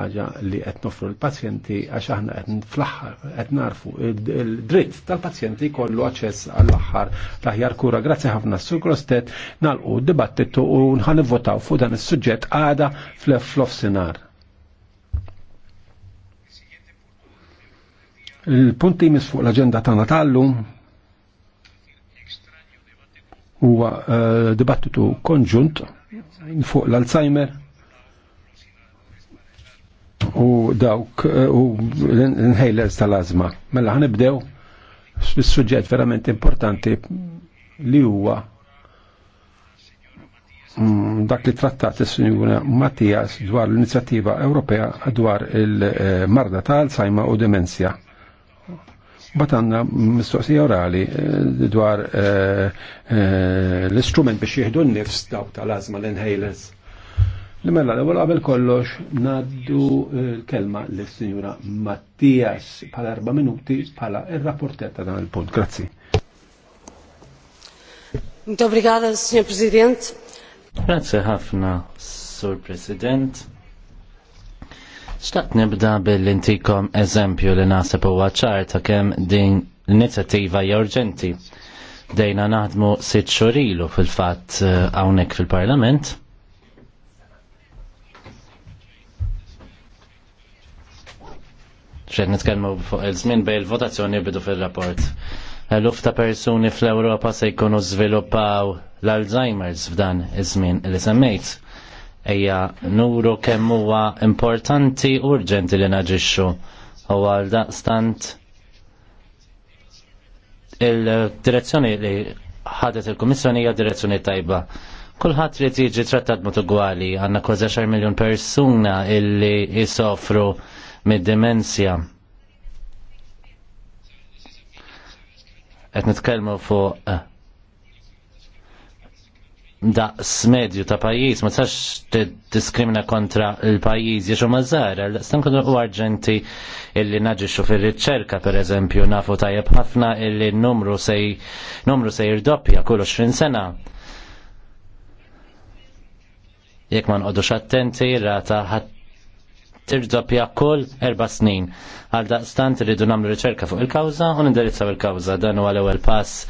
ħaġa li qed nofru l-pazjenti għax aħna qed fl-aħħar qed narfu d dritt tal-pazjenti kollu aċċess għall-aħħar l-aħjar kura. Grazzi ħafna Sur Grostet nalqu d-dibattitu u nħanivvotaw fuq dan is-suġġett għada fl-offsinar. Il-punt li fuq l-aġenda tagħna tal-lum huwa eh, dibattitu konġunt fuq l-Alzheimer u dawk eh, u l-inhalers tal-azma. Mela ħanibdew bis-suġġett verament importanti li huwa mm, dak li trattat is-Sinjura Mattias dwar l-Inizjattiva Ewropea dwar il-marda ta' Alzheimer u demenzja. Batanna mistoqsija orali eh, dwar eh, l-istrument biex jieħdu n-nifs dawk tal-azma l-inhalers. Limella, l-ewwel qabel kollox ngħaddu eh, l-kelma lis-Sinjura Mattias bħala erba' minuti bħala r rapportetta ta' dan il-punt. Grazzi. Muito obrigada, Sr. President. Grazzi ħafna, Sur President. Xtaqt nibda bil-intikom eżempju li nasib huwa ċar ta' kemm din l-inizjattiva hija urġenti. Dejna naħdmu sitt xorilu fil-fatt eh, hawnhekk fil-Parlament xed nitkellmu fuq il-żmien bej il-votazzjoni bidu fil-rapport. Eluf ta' persuni fl-Ewropa se jkunu żviluppaw l-Alzheimer's f'dan iż-żmien li semmejt. Ejja nuru kemm huwa importanti urġenti li naġixxu u għal daqstant il-direzzjoni li ħadet il-Kummissjoni hija direzzjoni tajba. Kulħadd li tiġi trattat ugwali għandna kważi 10 miljun persuna illi jisofru mid-demenzja. Qed nitkellmu fuq eh, daqs medju ta' pajjiż ma tax diskrimina kontra l pajis jiexu mażar, l-istan kunu u arġenti illi naġiċu fil-riċerka, per eżempju, nafu tajjeb ħafna illi numru sej, numru sej irdoppja kull 20 sena jekk ma nqodux attenti rata ħadd tirdoppja kull erba' snin. Għal daqstant rridu nagħmlu riċerka fuq il-kawża u nindirizzaw il-kawża dan huwa l-ewwel pass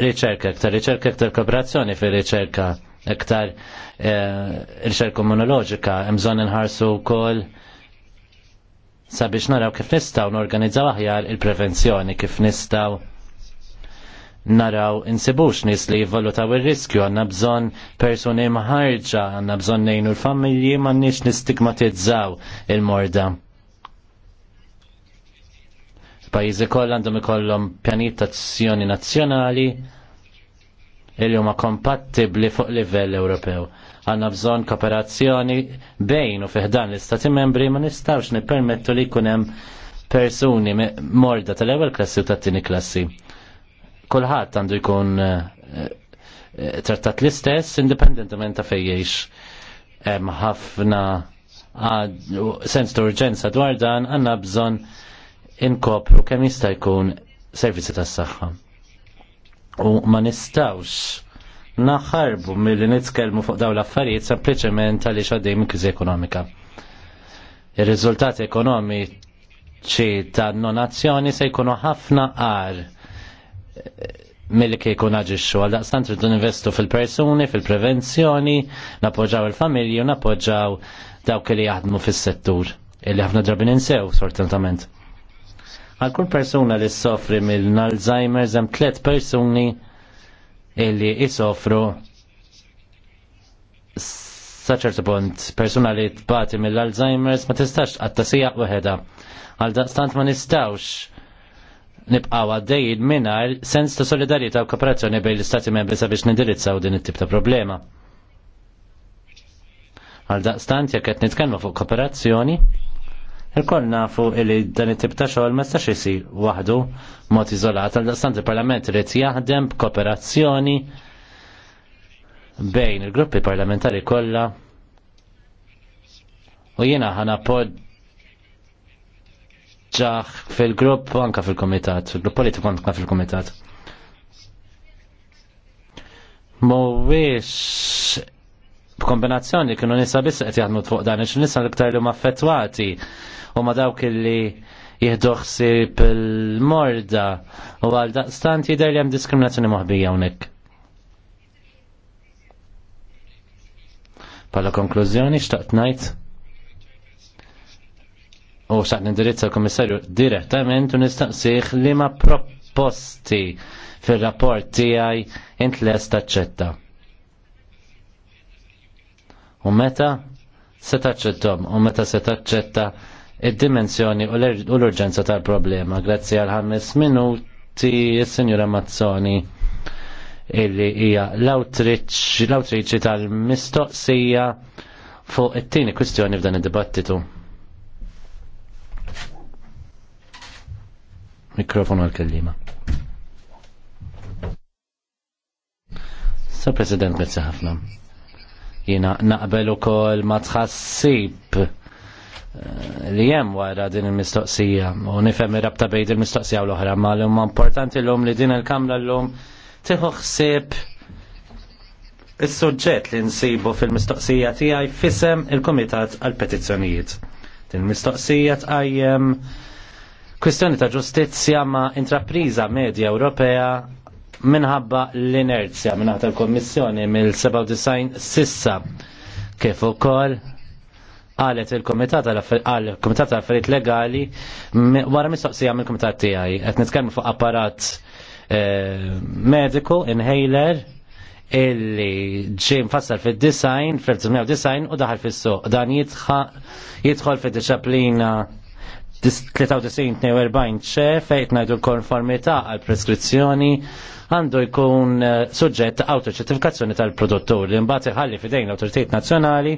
riċerka iktar, riċerka iktar kooperazzjoni fir riċerka iktar eh, riċerka monologika, imżon nħarsu wkoll sabiex naraw kif nistgħu norganizzaw aħjar il-prevenzjoni, kif nistgħu naraw insibux nis li jivvalutaw il-riskju, għanna bżon personi maħarġa, għanna bżon nejnu l-familji, ma nix nistigmatizzaw il-morda. Pajizi koll għandhom ikollhom pjanijiet azzjoni nazzjonali il huma kompatibbli fuq livell Ewropew. Għanna bżon kooperazzjoni bejn u fiħdan l-Istati membri ma nistawx nippermettu li kunem persuni morda tal-ewwel klassi u tat-tieni klassi kulħadd għandu jkun eh, eh, trattat l-istess independentament ta' fejjex hemm ħafna sens ta' urġenza dwar dan għanna bżonn inkopru kemm jista' jkun servizzi tas-saħħa. U ma nistawx naħarbu milli nitkellmu fuq dawn l-affarijiet sempliċement għaliex għaddej minn kriżi ekonomika. Ir-riżultati ekonomiċi ta' nonazzjoni se jkunu ħafna għar mill kieku naġiċu għal daqstant rridu investu fil-persuni, fil-prevenzjoni, napoġġaw il-familji u napoġġaw dawk li jaħdmu fis-settur illi ħafna drabi ninsew sortentament. Għal kull persuna li soffri mill-Alzheimer hemm tliet persuni illi jisofru saċertu punt persuna li tbati mill alzheimer ma tistax għattasija u ħeda. Għal daqstant ma nistawx nibqaw għaddejjin mingħajr sens ta' solidarieta u kooperazzjoni bejn l-Istati membri sabiex nindirizzaw din it-tip ta' problema. Għal daqstant jekk qed nitkellmu fuq kooperazzjoni, il-koll nafu li dan it-tip ta' xogħol ma stax isir waħdu mod iżolat għal daqstant il-Parlament irid jaħdem b'kooperazzjoni bejn il-gruppi parlamentari kollha u jiena ħana pod ġaħ fil-grupp u anka fil-komitat, fil-grupp politiku anka fil-komitat. Mowiex b'kombinazzjoni kienu nisa biss qed jaħdmu fuq dan ix nisa l-iktar li huma affettwati u ma dawk li jihdoħsib il-morda u għal daqstant jider li hemm diskriminazzjoni moħbija hawnhekk. Pala konklużjoni xtaqt ngħid u xaqt nindirizza l-Komissarju direttament u nistaqsiħ li ma proposti fil-rapport tiegħi int lest taċċetta. U meta se taċċettom u meta se taċċetta id-dimensjoni u l-urġenza tal-problema. Grazzi għal ħames minuti s-Sinjura Mazzoni illi hija l-awtriċi tal-mistoqsija fuq it-tieni kwistjoni f'dan id-dibattitu. Mikrofon għal-kellima. Sa' President, grazie ħafna. Jina naqbel u kol ma tħassib eh, li jem wara din il-mistoqsija u nifem rabta bejn il-mistoqsija u l-oħra ma l importanti l um li din il-kamra l tiħu ħsib il-sujġet li nsibu fil-mistoqsija tijaj fisem il-komitat għal-petizzjonijiet. Din il-mistoqsija tqajjem Kwistjoni ta' ġustizzja ma' intrapriża medja Ewropea minħabba l-inerzja minnaħta l-Kommissjoni mill-97 sissa kif ukoll għalet il-Komitat għal-Komitat għal-Affarijiet Legali wara mistoqsija mill-Komitat tiegħi qed nitkellmu fuq apparat eh, mediku inhaler illi ġie mfassal fid-design fil 1990 u daħal fis-suq dan jidħol fid-disciplina 93-42 ċe fejt najdu konformità għal preskrizzjoni għandu jkun eh, suġġett autoċertifikazzjoni tal-produttur li mbagħad iħalli fidejn l autoritet nazzjonali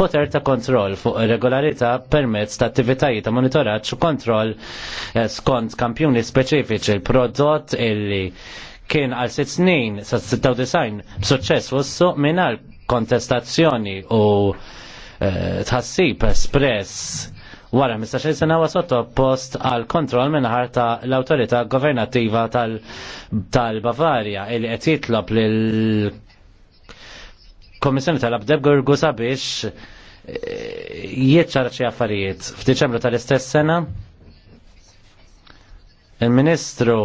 poter ta' kontroll fuq regolarità permezz ta' attivitajiet ta' monitoraċ u kontroll eh, skont kampjuni speċifiċi il-prodott illi kien għal sitt snin sa' 96 b'suċċess wassu mingħajr kontestazzjoni u eh, tħassib espress wara 15 sena huwa sottopost għal kontroll minħar ta' l-awtorità governativa tal-Bavaria tal-Bavarja li qed jitlob lill Kommissjoni tal Gurgu sabiex eh, jieċċar xi affarijiet. F'Diċembru tal-istess sena il-Ministru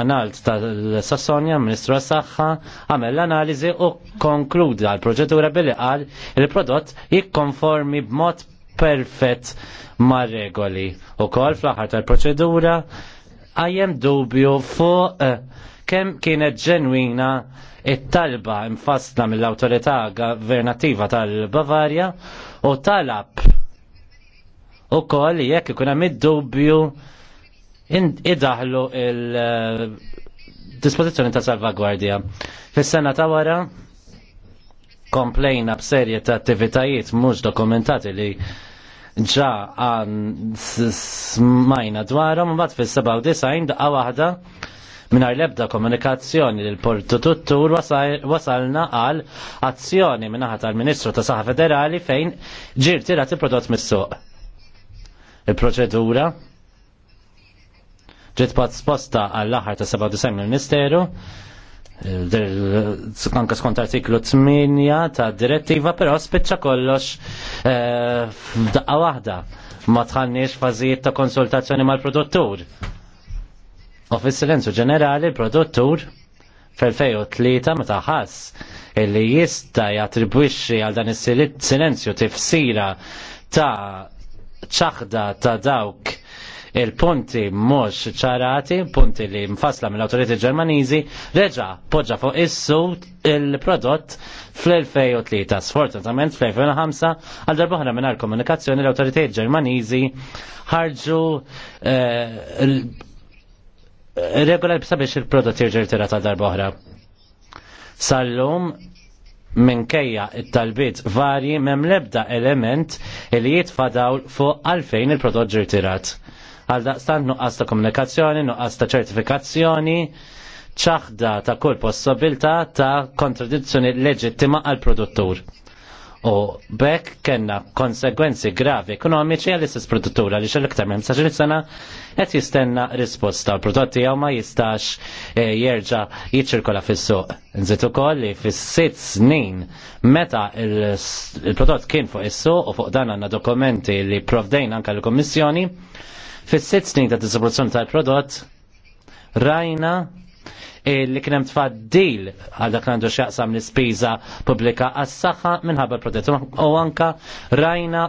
Analt tal-Sassonja, Ministru għas-Saxħa, għamel l-analizi u konkluda l proġettura billi qal il-prodott jikkonformi b'mod perfett ma' regoli. U kol fl-aħħar tal-proċedura għajem dubju fuq eh, kemm kienet ġenwina it-talba infasla mill-autorità governativa tal-Bavarja u talab u koll jekk ikun hemm id-dubju idaħlu il-dispożizzjoni eh, ta' salvagwardja. Fis-sena ta' wara komplejna b'serje ta' attivitajiet mhux dokumentati li ġa għan smajna dwarom, mbagħad fis-97 daqqa waħda l-ebda komunikazzjoni l portu tuttur wasalna għal azzjoni minnaħat tal ministru ta' Saħa Federali fejn ġir tirat il-prodott mis-suq. Il-proċedura ġiet pat sposta għall aħħar ta' 97 ministeru Sukanka skont artiklu 8 ta' direttiva, però spiċċa kollox eh, f'daqqa waħda ma tħannix fażijiet ta' konsultazzjoni mal-produttur. U fis-silenzju ġenerali l-produttur fil tlieta meta ħass illi jista' jattribwixxi għal dan is-silenzju tifsira ta' ċaħda ta' dawk il-punti mhux ċarati, punti li mfasla mill-awtoriti Ġermaniżi, reġa' poġġa fuq issu il-prodott fl-2003. Sfortunatament fl-2005 għal darbohra minn komunikazzjoni l autoriti Ġermaniżi ħarġu eh, regola sabiex il-prodott jirġir rtirat għal darbohra. Sallum minkejja it-talbiet varji mem lebda element li jitfadaw fuq għalfejn il-prodott ġirtirat. Għal daqstan nuqqas ta' komunikazzjoni, nuqqas ta' ċertifikazzjoni, ċaħda ta' kull possibilità ta' kontradizzjoni leġittima għal produttur. U bekk kena konsekwenzi gravi ekonomiċi għal istess produttura li xil-iktar minn sa' sena qed jistenna risposta l prodotti jew ma jistax eh, jerġa' jiċirkola fis-suq. Nżid ukoll li fis-sitt snin meta il-prodott kien fuq is-suq u fuq dan għandna dokumenti li provdejn anke l-Kummissjoni Fis-sitt snin ta' distribuzzjoni tal-prodott rajna li kien hemm tfaddil għal dak għandu x'jaqsam l-ispiża pubblika għas-saħħa minħabba l-prodott u anka rajna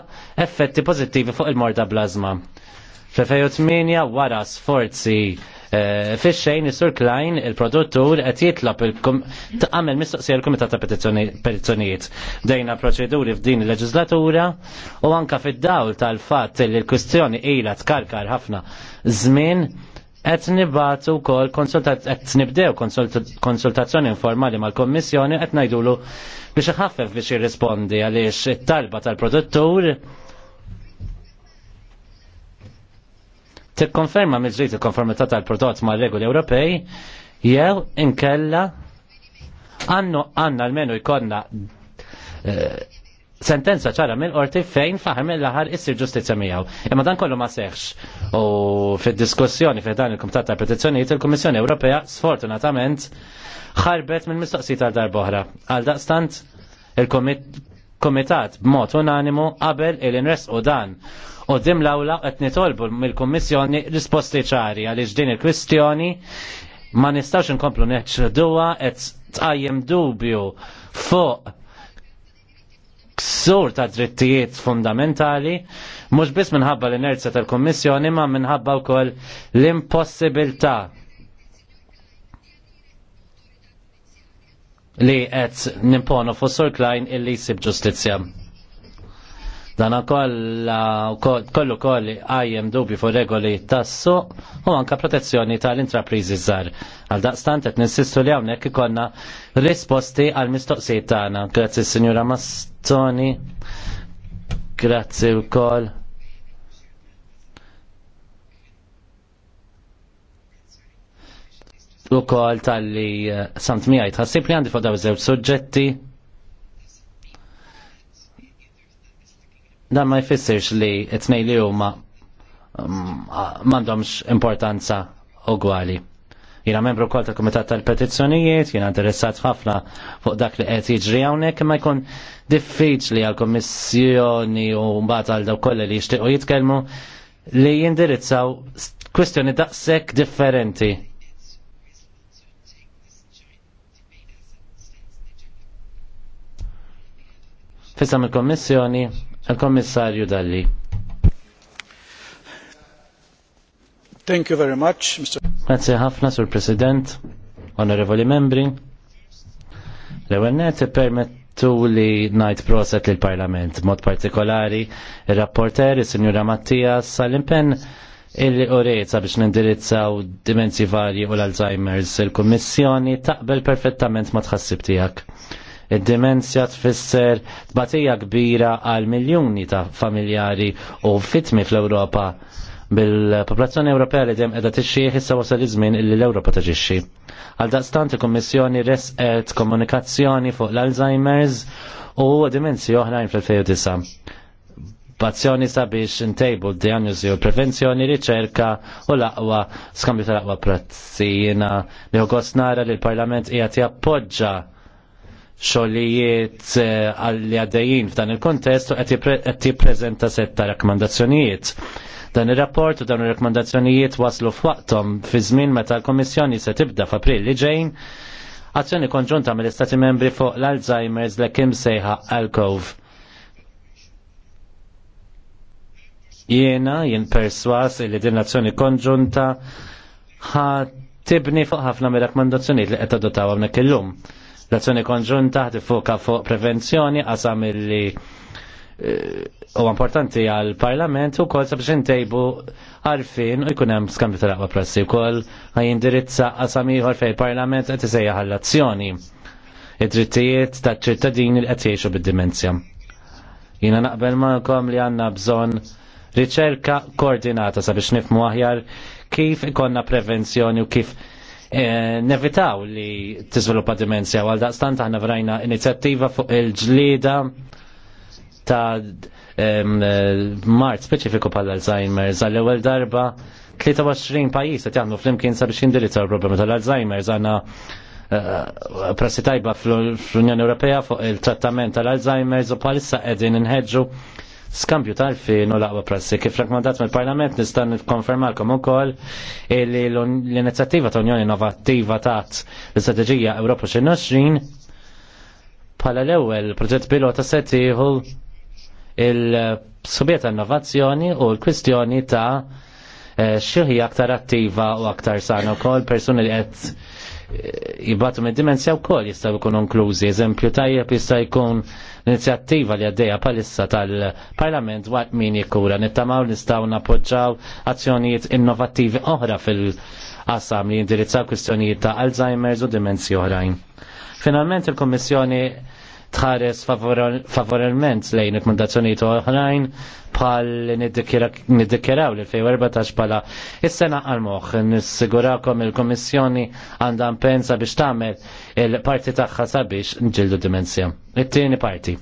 effetti pożittivi fuq il-morda blażma. Fl-2008 wara sforzi Eh, Fix-xejn is-Sur Klein il-produttur qed jitlab tqammel mistoqsija l-Kumitat ta' Petizzjonijiet. Dejna proċeduri f'din il-leġislatura u anka fid-dawl tal-fatt li l-kwistjoni ilha tkarkar ħafna żmien Et nibatu kol konsultat, nibdew konsultazzjoni informali mal-Kommissjoni, et najdulu biex ħaffef biex jirrispondi għaliex it-talba tal-produttur tikkonferma mill-ġrid il-konformità tal-prodott ma' regoli Ewropej jew inkella għannu għanna almenu jkonna eh, sentenza ċara mill qorti fejn faħem l-ħar issir ġustizja miegħu. Imma dan kollu ma seħx u fid-diskussjoni fi dan il-Kumitat tal Petizzjonijiet il-Kummissjoni Ewropea sfortunatament ħarbet mill mistoqsijiet tal darboħra. Għal daqstant il-Kumitat b'mod unanimu qabel il-inres u dan U dim l-awla qed nitolbu mill-Kummissjoni risposti ċari għaliex din il-kwistjoni ma nistax inkomplu neċċeduha qed tqajjem dubju fuq ksur ta' drittijiet fundamentali, mhux biss minħabba l-inerzja tal-Kommissjoni, ma minħabba wkoll l-impossibilità li qed nimponu fuq Sur il illi jsib ġustizzja. Dan kolla, kollu koll għajem dubju fuq regoli tassu u anka protezzjoni tal-intrapriżi żgħar. Għal daqstant qed ninsistu li hawnhekk ikonna risposti għal mistoqsijiet tagħna. Grazzi Sinjura Mastoni. Grazzi wkoll. u kol tal-li eh, samt miħaj tħassib li għandi fuq daw żewġ suġġetti Dan ma jfissirx li t tnejn li huma um, m'għandhomx importanza ugwali. Jina membru kol ta' Komitat tal-Petizzjonijiet, jina interessat ħafna fuq dak li qed jiġri hawnhekk imma jkun diffiċli għal-Kommissjoni u mbagħad għal dawk kollha li jixtiequ jitkellmu li jindirizzaw kwestjoni daqshekk differenti. Fissam il kommissjoni Għal-Kommissarju Dalli. Thank you very much, Mr. Grazie ħafna, Sur President, onorevoli membri. l ewwel net permettu li najt proset lill parlament mod partikolari il-rapporter, il-Sinjura Mattia Salimpen illi illi urejza biex nindirizzaw dimensi varji u l-Alzheimer's il-Kommissjoni taqbel perfettament ma tħassib tijak id dimenzja tfisser tbatija kbira għal miljoni ta' familjari u fitmi fl-Ewropa bil-popolazzjoni Ewropea li dem edha tixxi issa wasal iż-żmien illi l-Ewropa taġixxi. Għal daqstant il-Kummissjoni resqet komunikazzjoni fuq l-Alzheimer's u dimensi oħrajn fil-2009 pazzjoni sabiex intejbu d-diagnosi u prevenzjoni, riċerka u laqwa skambju tal-aqwa prazzina li u nara li l-Parlament jgħati appoġġa xogħlijiet eh, għalli għaddejjin f'dan il-kontest u qed jippreżenta setta rakkomandazzjonijiet. Dan ir-rapport u dan ir-rakkomandazzjonijiet waslu f'waqthom fi żmien meta l komissjoni se tibda f'April li ġejn azzjoni konġunta mill-Istati membri fuq l-Alzheimer's l kim sejħa Alcove. Jiena jien perswas li din l-azzjoni konġunta ħa tibni fuq ħafna mir-rakkomandazzjonijiet li qed adottaw hawnhekk illum. L-azzjoni konġunta tifoka fuq prevenzjoni qasam illi eh, u importanti għal parlament u kol sabiex intejbu għarfin u jkunem skambju tal-aqwa prassi u kol għajindirizza iħor fej parlament għet sejja għall-azzjoni id-drittijiet ta' ċittadini li qed jgħixu bid-dimenzja. Jina naqbel ma'kom li għanna bżon riċerka koordinata sabiex nifmu aħjar kif ikonna prevenzjoni u kif Eh, nevitaw li tiżviluppa dimensja għal daqstant aħna vrajna inizjattiva fuq il-ġlieda ta' eh, mart speċifiku pal alzheimer għall ewwel darba 23 pajjiż qed jagħmlu flimkien sabiex jindirizzaw il-problema tal alzheimer għandna eh, prassi tajba fl-Unjoni Ewropea fuq il-trattament tal-Alzheimer's u palissa qegħdin inħeġġu skambju tarfi no laqwa prassi. Kif rakkomandat mill-Parlament nistan konfermalkom ukoll li l-inizjattiva ta' Unjoni Innovattiva tat l-Istrateġija Ewropa 2020 bħala l-ewwel proġett pilota se tieħu il-subjet innovazzjoni u l-kwistjoni ta' eh, xieħi aktar attiva u aktar sana u kol persuni li għed jibbatu me dimensja u kol jistaw ikun inklużi. Eżempju tajjeb jista' jkun l-inizjattiva li għaddeja palissa tal-Parlament waqt min jikura nittamaw nistaw napoġġaw azzjonijiet innovattivi oħra fil-qasam li jindirizzaw kwistjonijiet ta' Alzheimer's u dimensji oħrajn. Finalment il-Kommissjoni tħares favoralment lejn rekomendazzjonijiet oħrajn bħal niddikjeraw l-2014 pala is-sena għal-moħ. Nissigurakom il-Komissjoni għandha pensa biex tagħmel il-parti tagħha sabiex nġildu dimensja. It-tieni parti.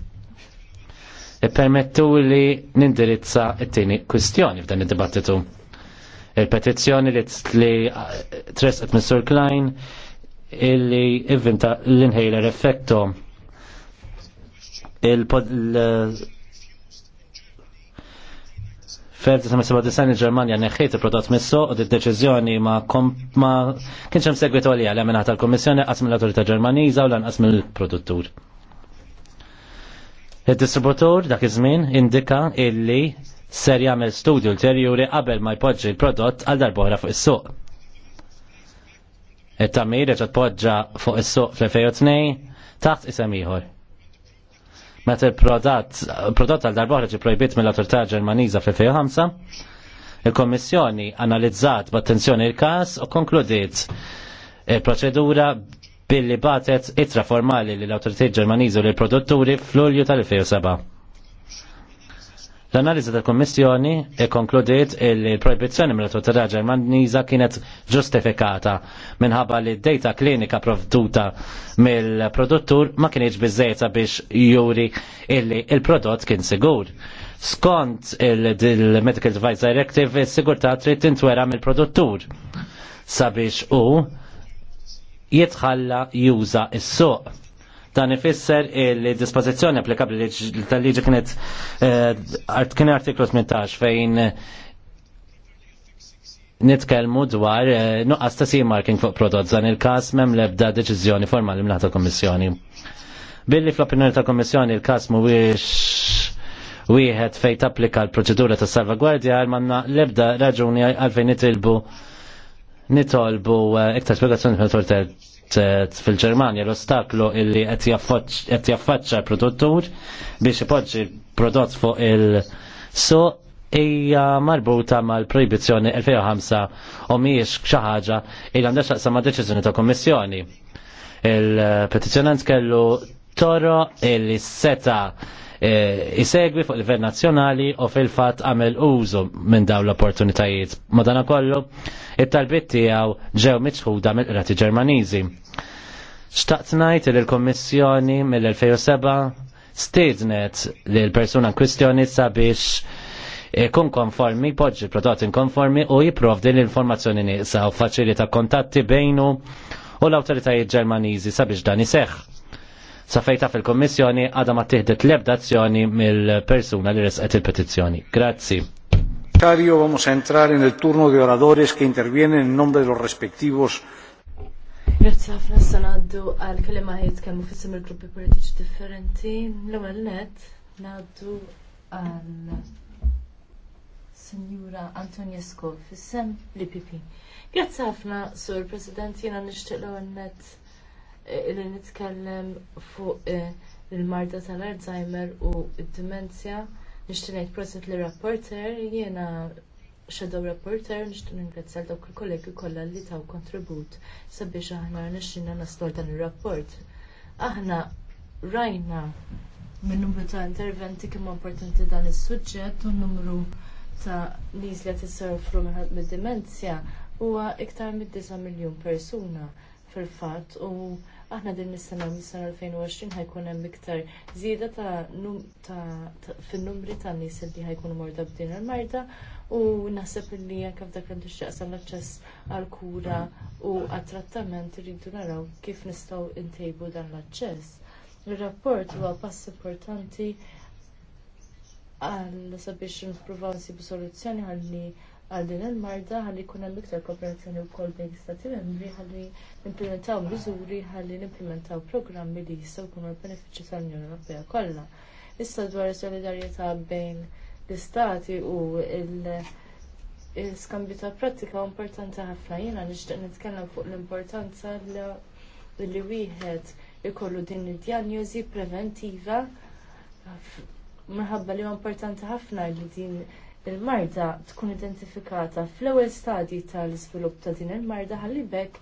Ippermettu li nindirizza il tieni kwistjoni f'dan id-dibattitu. Il-petizzjoni li eh, tresqet Mr. Klein illi l-inhaler effektu. Ferdi sa seba' disajn il-Ġermanja neħħejt il-prodott messo u d-deċizjoni ma' kienċem kienx hemm għalija li għamilna tal-Kommissjoni qas mill-Awtorità Ġermaniża u lanqas mill-produttur. Id-distributur dak iż-żmien indika illi ser jagħmel studju ulterjuri qabel ma jpoġġi l-prodott għal darbora fuq is-suq. It-tamir reġa' tpoġġa fuq is-suq fl-2002 taħt isem ieħor meta prodat, prodott għal darba ġi projbit mill-autorità Ġermaniża fil 2005 il-Kommissjoni analizzat b'attenzjoni il-każ u konkludiet il-proċedura billi batet itra formali l-autorità Ġermaniża u l-produtturi fl-Ulju tal-2007. L-analiżi tal-Kommissjoni konkludiet il-proibizzjoni mill ta' raġel manniża kienet ġustifikata minħabba li d-data klinika provduta mill-produttur ma kienieġ bizzejta biex juri illi il-prodott kien sigur. Skont il-Medical Device Directive, il-sigurta trid tintwera mill-produttur sabiex u jitħalla juża is-suq Dan ifisser il-dispożizzjoni applikabli tal-liġi kienet eh, kien artiklu 18 fejn eh, nitkellmu dwar eh, nuqqas ta' sea marking fuq prodott dan il-każ mem lebda deċiżjoni formali mlaħta kommissjoni. Billi fl-opinjoni ta' kommissjoni il-każ mhuwiex wieħed fejn tapplika l-proċedura ta' salvagwardja għal manna lebda raġuni għalfejn nitilbu nitolbu iktar spiegazzjoni fil fil-Ġermanja l-ostaklu illi qed jaffaċċa l-produttur biex ipoġġi l-prodott fuq il so hija marbuta mal-proibizzjoni 2005 u mhijiex xi ħaġa li għandha xaqsa ma' deċiżjoni ta' kummissjoni Il-petizzjonant kellu toro illi seta eh, isegwi fuq livell nazzjonali u fil-fatt għamel użu minn dawn l-opportunitajiet. Madana kollu, it-talbiet tiegħu ġew miċħuda mill-qrati Ġermaniżi. Staqtnajt ngħid li l mill-2007 stednet li l-persuna kwistjoni sabiex eh, kun konformi, poġġi prodotti konformi u jiprovdi l-informazzjoni nieqsa u faċilita kontatti bejnu u l-autoritajiet ġermaniżi sabiex dan iseħħ. Safejta fil komissjoni għadha ma tiħdet l-ebdazzjoni mill-persuna li resqet il-petizzjoni. Grazzi. Cario, vamos a entrar en el turno de oradores que intervienen en nombre de los respectivos Grazzi ħafna s-sanaddu għal kelima ħajt kemmu fissim il-gruppi politiċi differenti. L-ewel net, naddu għal Signora Antoniesco, fissem l-IPP. Grazzi ħafna, Sur President, jena nishtiq l-ewel net eh, li nitkellem fuq eh, il-marda tal-Alzheimer u id-demenzja. Nishtiq ngħid li rapporter jiena Shadow Reporter nixtieq ningrazzjal dawk il-kollegi kollha li taw kontribut sabiex aħna nixxinna nastor dan ir-rapport. Aħna rajna minn numru ta' interventi kemm importanti dan is-suġġett u numru ta' nies li qed isofru mid-dimenzja huwa iktar minn 9 miljun persuna fil-fatt u aħna din is-sena mis-sena 2020 ħajkun hemm iktar żieda ta', ta, ta fin-numri ta' nies li ħajkunu morda b'din il-marda u naħseb li jek f'dak li tixtieqsam l-aċċess għall kura u għat-trattament rridu naraw kif nistgħu ntejbu dan l-aċċess. Ir-rapport huwa pass importanti għal sabiex nippruvaw nsibu soluzzjoni ħalli għal din il-marda ħalli jkun hemm iktar kooperazzjoni wkoll bejn stati membri ħalli nimplementaw miżuri ħalli implementaw programmi li jistgħu jkunu l-benefiċċju tal-Unjoni Ewropea kollha. Issa dwar is-solidarjetà bejn l-istati u l-skambju ta' prattika importanti ħafna jiena nixtieq nitkellem fuq l-importanza li wieħed ikollu din id-dijanjosi preventiva minħabba li huwa importanti ħafna li din il-marda tkun identifikata fl-ewwel stadji tal-iżvilupp ta' din il-marda ħalli bekk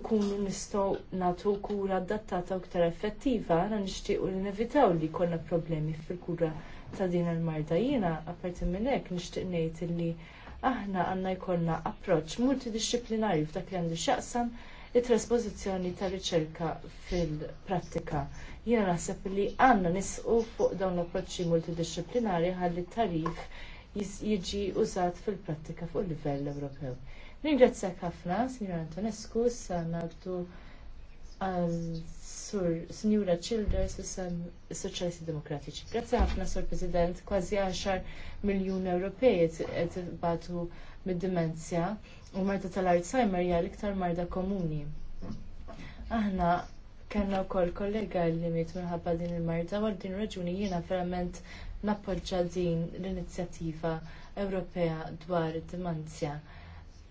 ikunu nistgħu nagħtu kura adattata u aktar effettiva, għana nixtiequ li nevitaw li jkollna problemi fil-kura ta' din il-marda. Jiena apparti minn hekk nixtieq ngħid illi aħna għandna jkollna approċċ multidixxiplinarju f'dak li għandu x'jaqsam it traspożizzjoni ta' riċerka fil-prattika. Jiena naħseb li għandna nisqu fuq dawn l-approċċi multidixxiplinari ħalli t tarif jiġi użat fil-prattika fuq livell Ewropew. Ringrazzjak ħafna, Signor Antonescu, s nagħtu Sur Signora Childers u sem Soċjalisti Demokratiċi. Grazzi ħafna, Sur President, kważi 10 miljun Ewropej qed batu mid-dimenzja u marda tal-Alzheimer hija l-iktar marda komuni. Aħna kellna wkoll kollega li miet minħabba din il-marda għal din raġuni jiena verament nappoġġa din l-inizjattiva Ewropea dwar id-dimenzja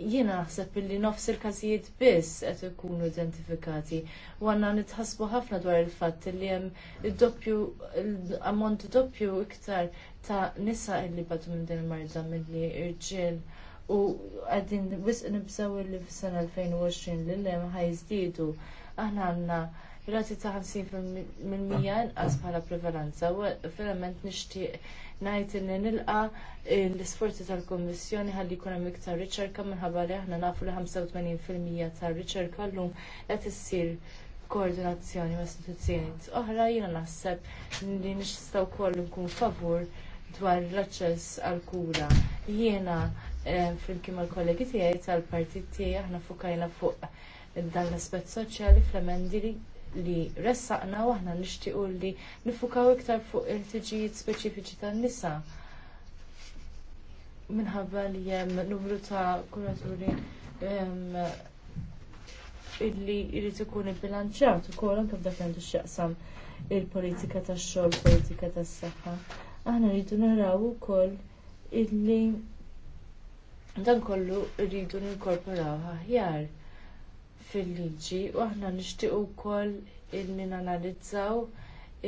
jiena naħseb illi nofs il-każijiet biss qed ikunu identifikati u għandna nitħassbu ħafna dwar il-fatt li hemm id-doppju ammont doppju iktar ta' nisa illi batu minn din il-marda milli irġiel u għadin wisq nibżaw illi fis-sena 2020 li l-hemm ħajżdiedu aħna għandna rati ta' 50% inqas bħala prevalenza u verament nixtieq najt li nilqa l-isforzi tal-Kummissjoni ħalli jkun hemm iktar riċerka minħabba li aħna nafu li 85% tar-riċerka llum qed issir koordinazzjoni ma' istituzzjonijiet oħra jiena naħseb li nistgħu wkoll nkun favur dwar l-aċċess għall kura. Jiena eh, flimkien mal-kollegi tiegħi tal-partit tiegħi aħna fukajna fuq dan l-aspett soċjali fl-emendi li ressaqna u aħna nixtiequ li nifukaw iktar fuq il-tiġijiet speċifiċi tan-nisa. Minħabba li hemm numru ta' kuraturi illi jrid ikun ibbilanċjat ukoll anke f'dak għandu x'jaqsam il-politika tax-xogħol, politika tas-saħħa. Aħna rridu naraw ukoll illi dan kollu rridu ninkorporaw aħjar fil-liġi u aħna nixtiequ wkoll illi nanalizzaw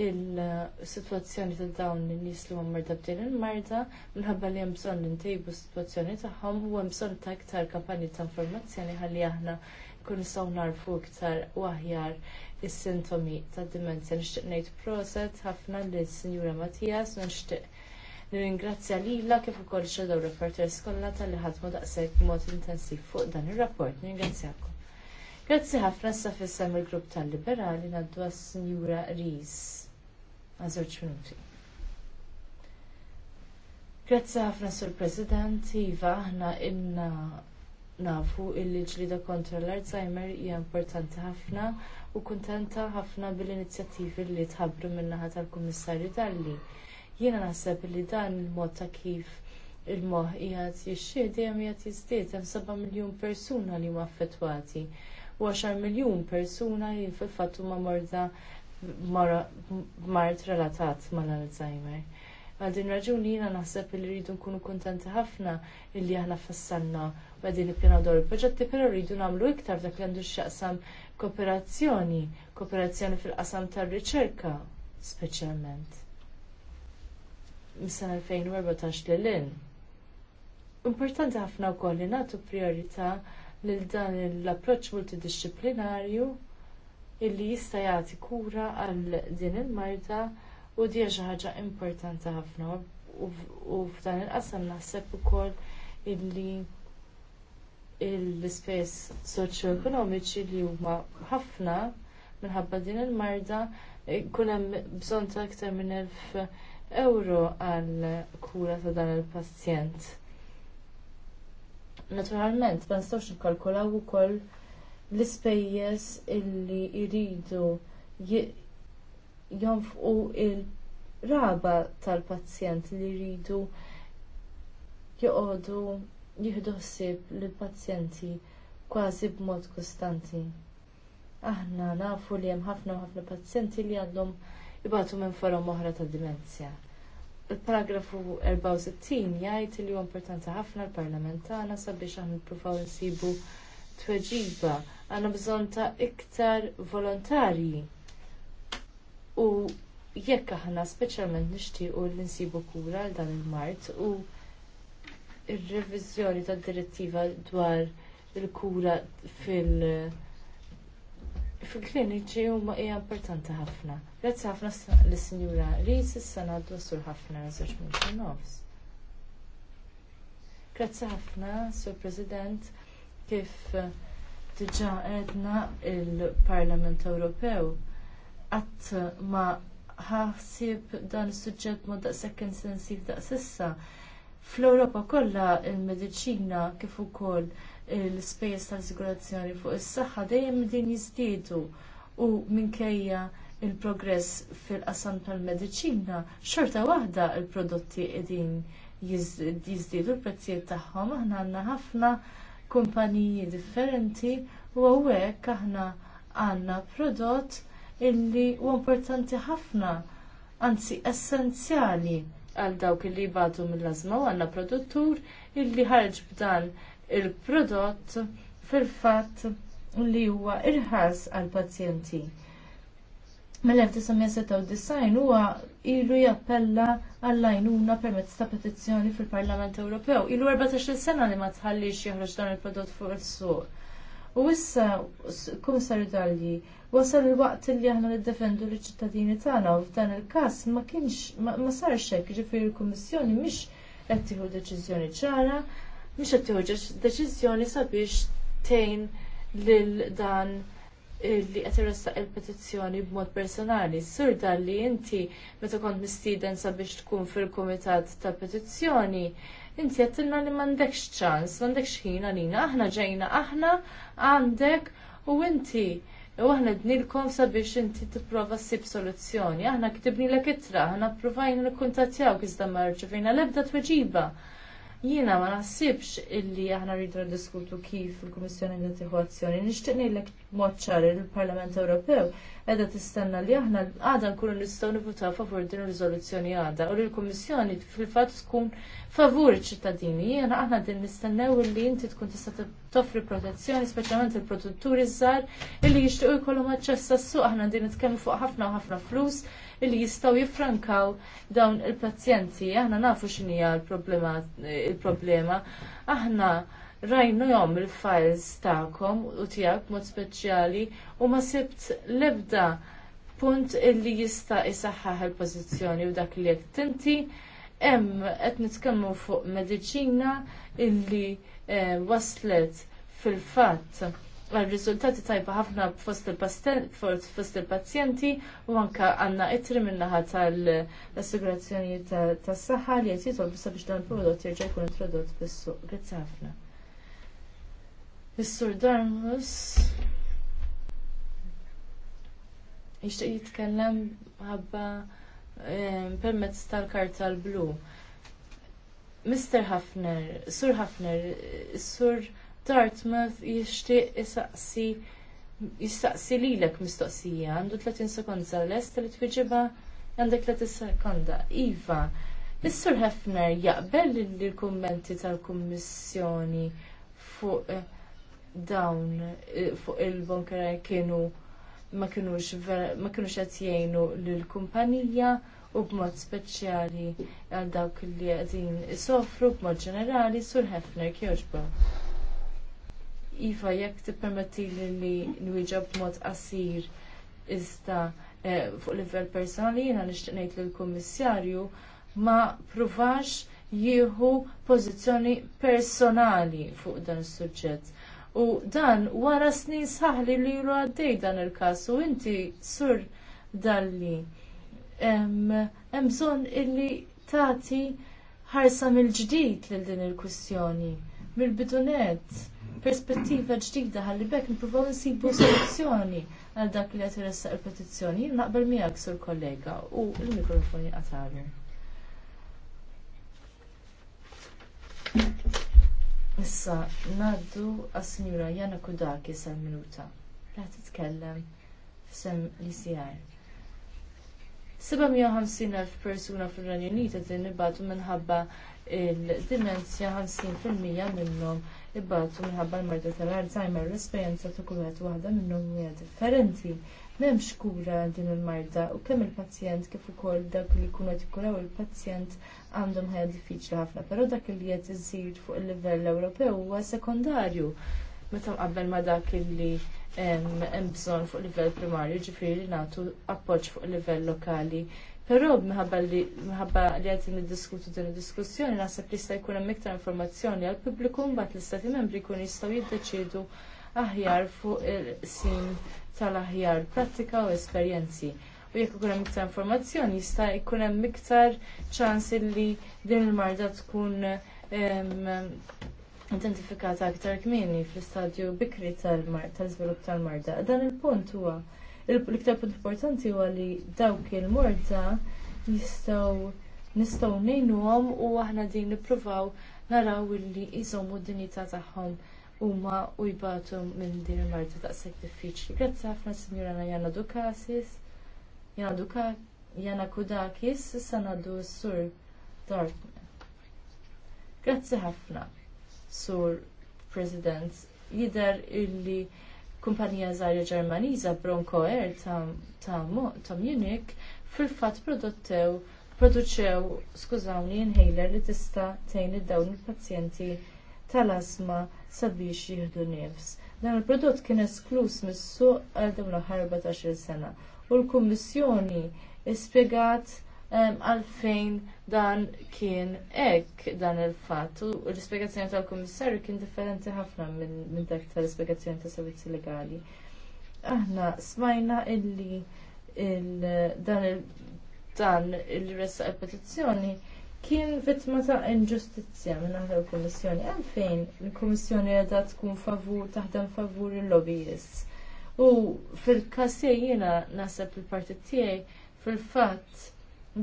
il-sitwazzjoni ta' dawn in-nies li huma marda b'din il-marda minħabba li hemm bżonn intejbu s-sitwazzjoni tagħhom u hemm bżonn ta' iktar kampanji ta' informazzjoni ħalli aħna nkunu saw narfu iktar u aħjar is-sintomi tad dimenzja. Nixtieq ngħid proset ħafna lis-Sinjura Mattias u nixtieq Nirringrazzja lila kif ukoll shadow reporters kollha tal-li ħadmu daqshekk b'mod intensiv fuq dan ir-rapport. Nirringrazzjakom. Grazzi ħafna sa fissam il-grupp tal-liberali naddu għas-Sinjura Ries. Għazorċ minuti. Grazzi ħafna sur President, Iva, aħna inna nafu illi ġlida kontra l-Alzheimer hija importanti ħafna u kuntenta ħafna bil-inizjattivi li tħabbru min-naħa tal-Kummissarju Dalli. Jiena naħseb li dan il-mod ta' kif il-moħħ qiegħed jixxiedi hemm qiegħed jiżdied hemm 7 miljun persuna li huma affettwati u 10 miljun persuna li fil-fatt huma morda mart relatat mal-Alzheimer. Għal din raġuni jiena naħseb li rridu nkunu kuntenti ħafna illi aħna fassanna u għadin ippjanaw dawn il-proġetti, però rridu nagħmlu iktar dak li għandu x'jaqsam kooperazzjoni, kooperazzjoni fil-qasam tar-riċerka speċjalment. Mis-sena 2014 lil Importanti ħafna wkoll li nagħtu priorità lil dan l-approċċ multidixxiplinarju illi jista' jagħti kura għal din il-marda u di xi ħaġa importanti ħafna u f'dan il-qasam naħseb ukoll illi l-ispejjeż soċjo-ekonomiċi li huma ħafna minħabba din il-marda jkun hemm bżonn ta' aktar minn elf euro għal kura ta' dan il-pazjent naturalment ma nistgħux nikkalkulaw ukoll l-ispejjeż illi jridu jonfqu il-raba tal-pazjent li jridu joqogħdu jieħdu ħsieb lill pazjenti kważi b'mod kostanti. Aħna nafu li hemm ħafna ħafna pazjenti li għandhom ibatu minn forom oħra ta' dimenzja il-paragrafu 64 jgħid li huwa importanti ħafna l-Parlament tagħna sabiex aħna nippruvaw insibu tweġiba għandna bżonn ta' iktar volontarji. U jekk aħna speċjalment nixtiequ li nsibu kura għal dan il-Mart u r reviżjoni tad direttiva dwar il-kura fil- fil-kliniċi huma hija importanti ħafna. Grazzi ħafna lis-Sinjura Ris issa ngħaddu sur ħafna żewġ minuti nofs. Grazzi ħafna, Sur President, kif eh, diġà għedna il-Parlament Ewropew qatt ma ħasib dan is-suġġett ma daqshekk insensiv daqs issa. Fl-Ewropa kollha il-mediċina kif ukoll l-ispejjeż tal-assigurazzjoni fuq is-saħħa dejjem din jiżdiedu u minkejja il-progress fil-qasam tal-mediċina xorta waħda l prodotti qegħdin jiżdiedu l-prezzijiet tagħhom aħna għandna ħafna kumpaniji differenti u hawnhekk aħna għandna prodott illi huwa importanti ħafna, anzi essenzjali għal dawk illi jibgħatu mill-azma u għandna produttur illi ħarġ b'dan il-prodott fil-fatt li huwa irħas għall pazjenti Mill-1996 huwa ilu jappella għall-għajnuna permezz ta' petizzjoni fil-Parlament Ewropew. Ilu 14 sena li ma tħallix joħroġ dan il-prodott fuq is-suq. U issa, Kummissarju Dalji, wasal il-waqt li aħna niddefendu l ċittadini tagħna u f'dan il-każ ma kienx ma sarx hekk, ġifieri l-Kummissjoni mhix qed tieħu deċiżjoni ċara, mhix qed toħroġ deċiżjoni sabiex tgħin lil dan li qed irressaq il-petizzjoni b'mod personali. Sur dan li inti meta kont mistieden sabiex tkun fil-kumitat tal-petizzjoni, inti qed tilna li m'għandekx ċans, m'għandekx ħin għalina, aħna ġejna aħna għandek u inti U aħna dnilkom sabiex inti tipprova ssib soluzzjoni. Aħna ktibni l itra, aħna provajna l-kuntatjaw kizda marġu fejna l-ebda tweġiba. Jiena ma naħsibx illi aħna rridu diskutu kif il-Kummissjoni qed tieħu azzjoni. Nixtieq ngħidlek mod il-Parlament Ewropew qiegħda tistenna li aħna għadha nkunu nistgħu nivutaw favur din ir-riżoluzzjoni għadha u li l-Kummissjoni fil-fatt tkun favur iċ-ċittadini. Jiena aħna din nistennew illi inti tkun tista' toffri protezzjoni speċjalment il-produtturi żgħar illi jixtiequ jkollhom aċċess għas-suq aħna din nitkellmu fuq ħafna u ħafna flus Illi jistgħu jiffrankaw dawn il-pazjenti. Aħna nafu x'inhija l-problema il-problema. Aħna rajnu jom il-files tagħkom u tiegħek mod speċjali u ma sibt l-ebda punt illi jista jisaxħaħ il pożizzjoni u dak li jekk tinti hemm qed nitkellmu fuq mediċina illi eh, waslet fil-fatt għal-rizultati tajba ħafna fost il-pazjenti u anka għanna itri minnaħa tal-assigurazzjoni tas-saħħa li qed bissa biex dan il-prodott jerġa' jkun introdott bis-suq. Grazzi ħafna. Is-Sur Darmus jixtieq jitkellem ħabba eh, permezz tal-karta l-blu. Mr. Hafner, Sur Hafner, Sur Dartmouth jixtieq isaqsi jistaqsi lilek mistoqsija għandu 30 sekonda lest li twiġiba għandek 30 sekonda. Iva, Is-Sur Hefner jaqbel li l-kummenti tal-Kummissjoni fuq eh, dawn eh, fuq il-bonkera kienu ma kienux qed jgħinu lill-kumpanija u b'mod speċjali għal dawk li qegħdin isofru b'mod ġenerali sur Hefner kjoġba. Iva, jekk t-permetti li nwieġeb b'mod qasir iżda eh, fuq livell personali, jena nishtiqnejt l lill-Kummissarju ma pruvax jieħu pożizzjoni personali fuq dan is-suġġett. U dan wara snin saħli li jilu għaddej dan il-każ u inti sur dalli. Hemm bżonn illi tagħti ħarsam il ġdid lil din il-kwistjoni mill-bidunet perspettiva ġdida ħalli bekk nippruvaw nsibu soluzzjoni għal dak li qed il-petizzjoni. Naqbel miegħek sur kollega u l-mikrofoni qatar. Issa, naddu għas-Sinjura Jana Kudaki sal-minuta. Raħt titkellem sem li sijar. 750.000 persuna fil-Renju Unita din minnħabba minħabba il-dimensja 50% minnhom ibbatu minħabba l-marda tal-Alzheimer l-esperjenza ta' kull waħda minnhom hija differenti. M'hemmx kura din il-marda u kemm il-pazjent kif ukoll dak li jkunu qed ikkuraw il-pazjent għandhom ħajja diffiċli ħafna, però dak li qed iżżid fuq il-livell Ewropew huwa sekondarju meta mqabbel ma dak li hemm bżonn fuq livell primarju, ġifieri nagħtu appoġġ fuq il livell lokali. Però minħabba li qed niddiskutu din id-diskussjoni naħseb li jista' jkun hemm iktar informazzjoni għall pubbliku mbagħad l-istati membri jkunu jistgħu jiddeċiedu aħjar fuq il-sin tal-aħjar prattika u esperjenzi. U jekk ikun hemm iktar informazzjoni jista' jkun hemm iktar ċans li din il-marda tkun identifikata aktar kmieni fl-istadju bikri tal-żvilupp tal-marda. Dan il-punt huwa L-iktar punt importanti huwa li dawk il-morta jistgħu nistgħu ngħinuhom u aħna din nippruvaw naraw illi jżommu d-dinjità tagħhom huma u jbatu minn din il-marta taqsek diffiċli. Grazzi ħafna Sinjura Jana Dukasis, Jana Duka, Jana Kudakis, sanadu Sur Dartmouth. Grazzi ħafna, Sur President. jider illi kumpanija żgħira Ġermaniża Bronco Air ta' Munich fil-fatt prodottew produċew skużawni inhaler li tista' tgħin dawn il-pazjenti tal-asma sabiex jieħdu nifs. Dan il-prodott kien esklus mis-suq għal dawn l-aħħar 14-il sena u l-Kummissjoni ispjegat għalfejn dan kien hekk dan il fatt U l-ispjegazzjoni tal kummissarju kien differenti ħafna minn dak tal spiegazzjoni ta' servizzi legali. Aħna smajna illi dan il-ressa petizzjoni kien vittma ta' inġustizzja minn aħna l-Kummissjoni. Għalfejn il-Kummissjoni għedha tkun favur taħdem favur il-lobbyist. U fil-kassi jiena naħseb il-partit tiegħi fil-fatt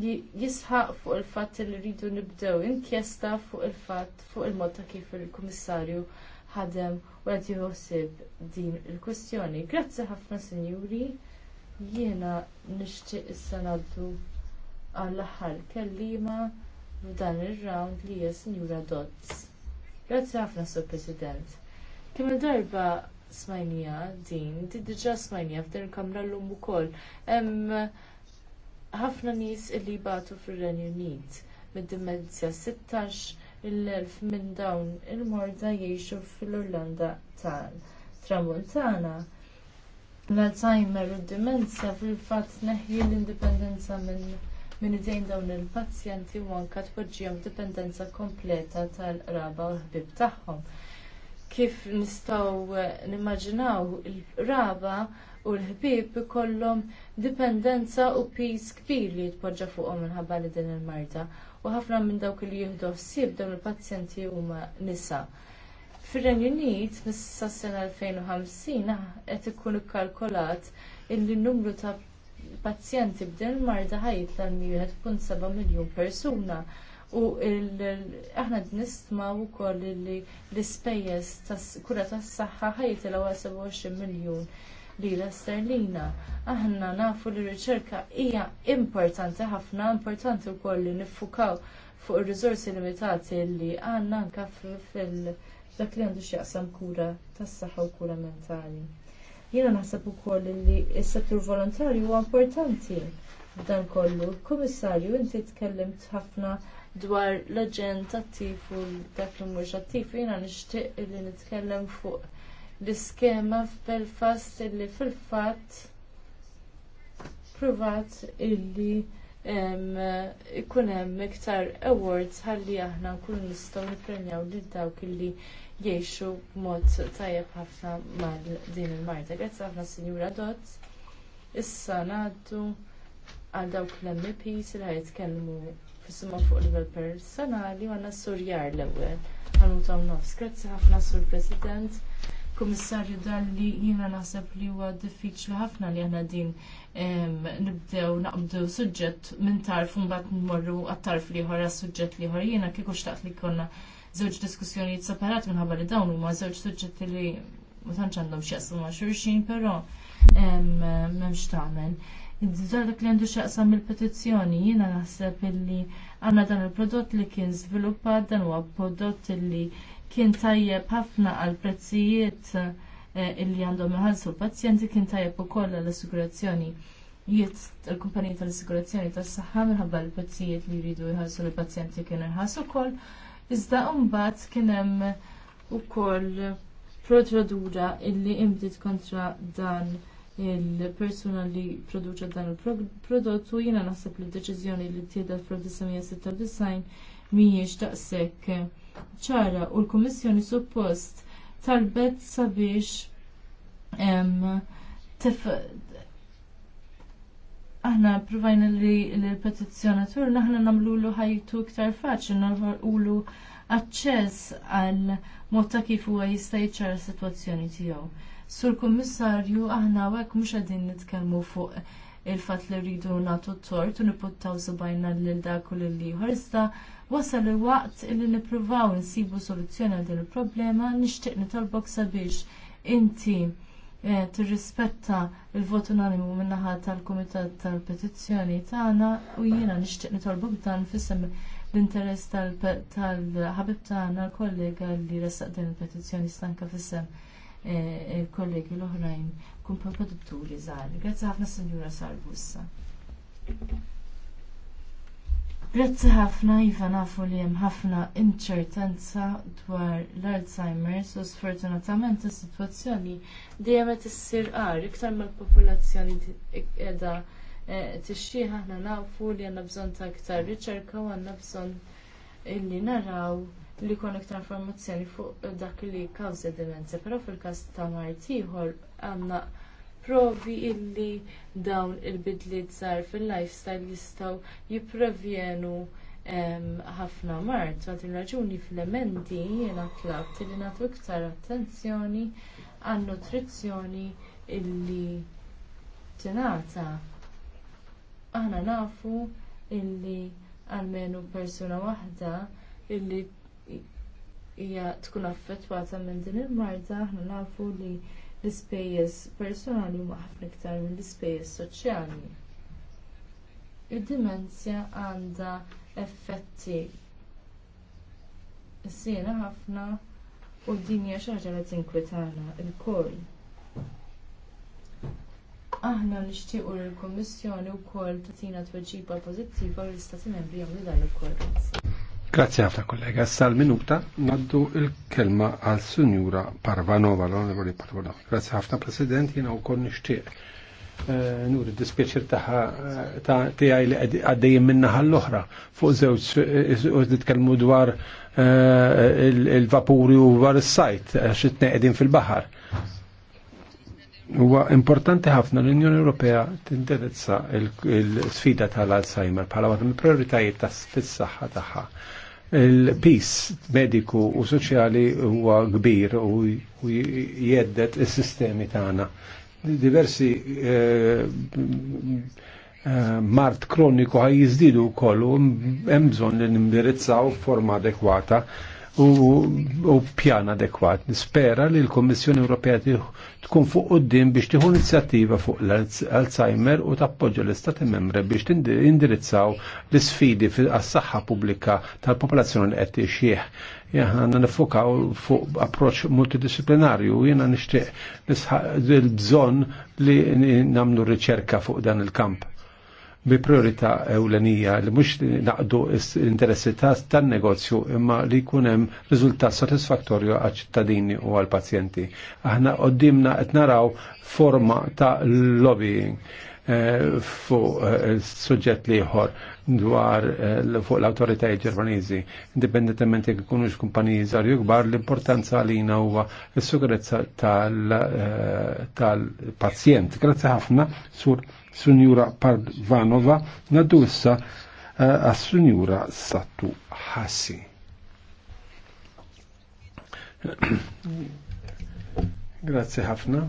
jisħaq fuq il-fatt li rridu nibdew inkjesta fuq il-fatt fuq il-mod ta' kif il-Kummissarju ħadem u għed jħossib din il-kwestjoni. Grazzi ħafna sinjuri, jiena nixtieq s-sanaddu għall ħar kelliema f'dan ir-round li hija Sinjura Dodds. Grazzi ħafna Sur President. Kemm il-darba smajnija din, diġà smajnija f'din il-kamra llum ukoll. koll ħafna nies illi jbatu fir-Renju Unit mid-dimensja 16 il-elf minn dawn il-morda jgħixu fil-Irlanda tal-Tramuntana. L-Alzheimer u d-dimensja fil-fatt neħi l-indipendenza minn minn idejn dawn il-pazjenti u anke tpoġġihom dipendenza kompleta tal-qraba u l-ħbib tagħhom. Kif nistgħu nimmaġinaw il-qraba u l-ħbieb ikollhom dipendenza u pis kbir li jitpoġġa fuqhom minħabba li din il-marda u ħafna minn dawk li jieħdu ħsieb dawn il-pazjenti huma nisa. Fir-Renju Unit mis-sa sena 2050 qed ikun ikkalkolat illi n-numru ta' pazjenti b'din il-marda ħajitla l-1.7 miljun persuna. U aħna nistma u koll li l-spejjes tas kura tas saħħa ħajt l 27 miljon Lila sterlina. Aħna nafu li r-riċerka hija importanti ħafna, importanti wkoll li niffukaw fuq ir-riżorsi limitati li għandna anke fil- dak li għandu x'jaqsam kura tas-saħħa u kura mentali. Jiena naħseb ukoll li s-settur volontarju huwa importanti f'dan kollu. Kummissarju, inti tkellimt ħafna dwar l-aġent attiv u dak li mhux attiv, jiena nixtieq li nitkellem fuq l-iskema f'Belfast illi fil-fatt provat illi ikun hemm iktar awards ħalli aħna nkunu nistgħu nippremjaw lil dawk illi jgħixu b'mod tajjeb ħafna mal din il-marda. Grazzi ħafna Sinjura Dott. Issa ngħaddu għal dawk l-MPs li ħajtkellmu kellmu suma fuq level personali għandna Sur Jar l-ewwel għal Mutom Nofs. Grazzi ħafna Sur President. Kummissarju li jiena naħseb li huwa diffiċli ħafna li aħna din nibdew naqbdu suġġett minn tarf u mbagħad nmorru għat-tarf li ħora suġġett li ħor jiena kieku xtaqt li konna żewġ diskussjonijiet separat minħabba li dawn huma żewġ suġġetti li ma tantx għandhom x'jaqsmu ma' xulxin, però m'hemmx tagħmel. Dak li għandu x'jaqsam il-petizzjoni, jiena naħseb illi għandna dan il-prodott li kien żviluppat, dan huwa prodott illi kien tajjeb ħafna għal prezzijiet eh, illi għandhom iħallsu l-pazjenti kien tajjeb ukoll għall-assigurazzjoni jiet il-kumpanija tal-assigurazzjoni tas-saħħa minħabba l-prezzijiet li jridu jħallsu l-pazjenti kienu irħassu ukoll. Iżda mbagħad kien hemm ukoll proċedura illi imdiet kontra dan il-persuna li produċa dan il-prodott u jiena naħseb li d-deċiżjoni li tiedet fl-1996 mhijiex daqshekk ċara u l-Kummissjoni suppost talbet sabiex aħna provajna li l-petizzjonatur aħna namlu ħajtu iktar faċli nagħmlu aċċess għal mod ta' kif huwa jista' jiċċara s-sitwazzjoni tiegħu. Sur kummissarju aħna hekk mhux qegħdin nitkellmu fuq il-fatt li rridu nagħtu t-tort u nipputtaw subajna lil dak u lil ieħor iżda Wasal il-waqt li nippruvaw nsibu soluzzjoni għal din il-problema, nixtieq nitolbok sabiex inti eh, tirrispetta il-vot unanimu min-naħa tal-Kumitat tal-Petizzjoni tagħna u jiena nixtieq nitolbok dan fissem l-interess tal-ħabib tagħna l-kollega li ressaq din il-petizzjoni stanka fissem eh, il-kollegi l-oħrajn kun produtturi zaħli. Grazie ħafna Sinjura Sarbussa. Grazzi ħafna, Iva nafu li hemm ħafna inċertenza dwar l-Alzheimer's u sfortunatament is-sitwazzjoni dejjem qed issir qar iktar mal-popolazzjoni qiegħda eh, tixxi aħna nafu li għandna bżonn ta' iktar riċerka u għandna bżonn illi naraw li kon iktar informazzjoni fuq dak li kawża demenzja, però fil-każ ta' Martiħor għandna provi illi dawn il-bidliet żgħar fil-lifestyle jistgħu jipprovjenu ehm, ħafna mart. Għad raġuni fil-emendi jiena tlabt li nagħtu iktar attenzjoni għan nutrizzjoni illi tingħata. Aħna nafu illi għalmenu persuna waħda illi hija tkun affettwata minn din il-marda, aħna nafu li l-ispejjeż personali huma ħafna iktar minn l-ispejjeż soċjali. Id-dimensja għandha effetti s-sena ħafna u din hija xi ħaġa li tinkwetana lkoll aħna nixtiequ l kummissjoni wkoll tagħtina tweġiba pożittiva l istati membri jagħmlu dan ukoll. Grazie ħafna kollega. Sal-minuta naddu il-kelma għal Sunjura Parvanova, l-Onorevoli Parvanova. Grazie ħafna President, jina u kon nishtiq. Eh, Nur, dispieċir taħħa eh, tiegħi li għaddejjem minna ħall-oħra fuq żewġ eh, nitkellmu dwar il-vapuri u dwar is-sajt għax qegħdin fil-baħar. Huwa importanti ħafna l-Unjoni Ewropea tindirizza l sfida tal-Alzheimer bħala waħda mill-prioritajiet tas saħħa tagħha il-pis mediku u soċjali huwa kbir u jeddet is-sistemi tagħna. Diversi eh, eh, mart kroniku ħaj jizdidu kollu, hemm bżonn li nindirizzaw forma adekwata u pjan adekwat. Nispera li l-Kommissjoni Ewropea tkun fuq qoddim biex tieħu inizjattiva fuq l-Alzheimer u tappoġġa l-Istati membri biex indirizzaw l-sfidi għas-saħħa pubblika tal-popolazzjoni li qed tixjih. Jaħna nifokaw fuq approċ multidisciplinarju, jena nishtiq nisħaq il-bżon li namlu riċerka fuq dan il-kamp bi priorità ewlenija li mhux naqdu l-interessi tan-negozju imma li jkun hemm riżultat satisfaktorju għaċ-ċittadini u għall-pazjenti. Aħna qoddimna qed naraw forma ta' lobbying eh, fuq eh, suġġett liħor dwar eh, fuq l-autoritajiet ġermaniżi, indipendentement jekk ikunux kumpaniji żgħar jukbar, l-importanza għalina huwa s sugurezza tal-pazjent. Grazzi ħafna sur Sunjura Parvanova, naddu issa eh, għas-Sunjura Sattu Hassi. Grazie ħafna.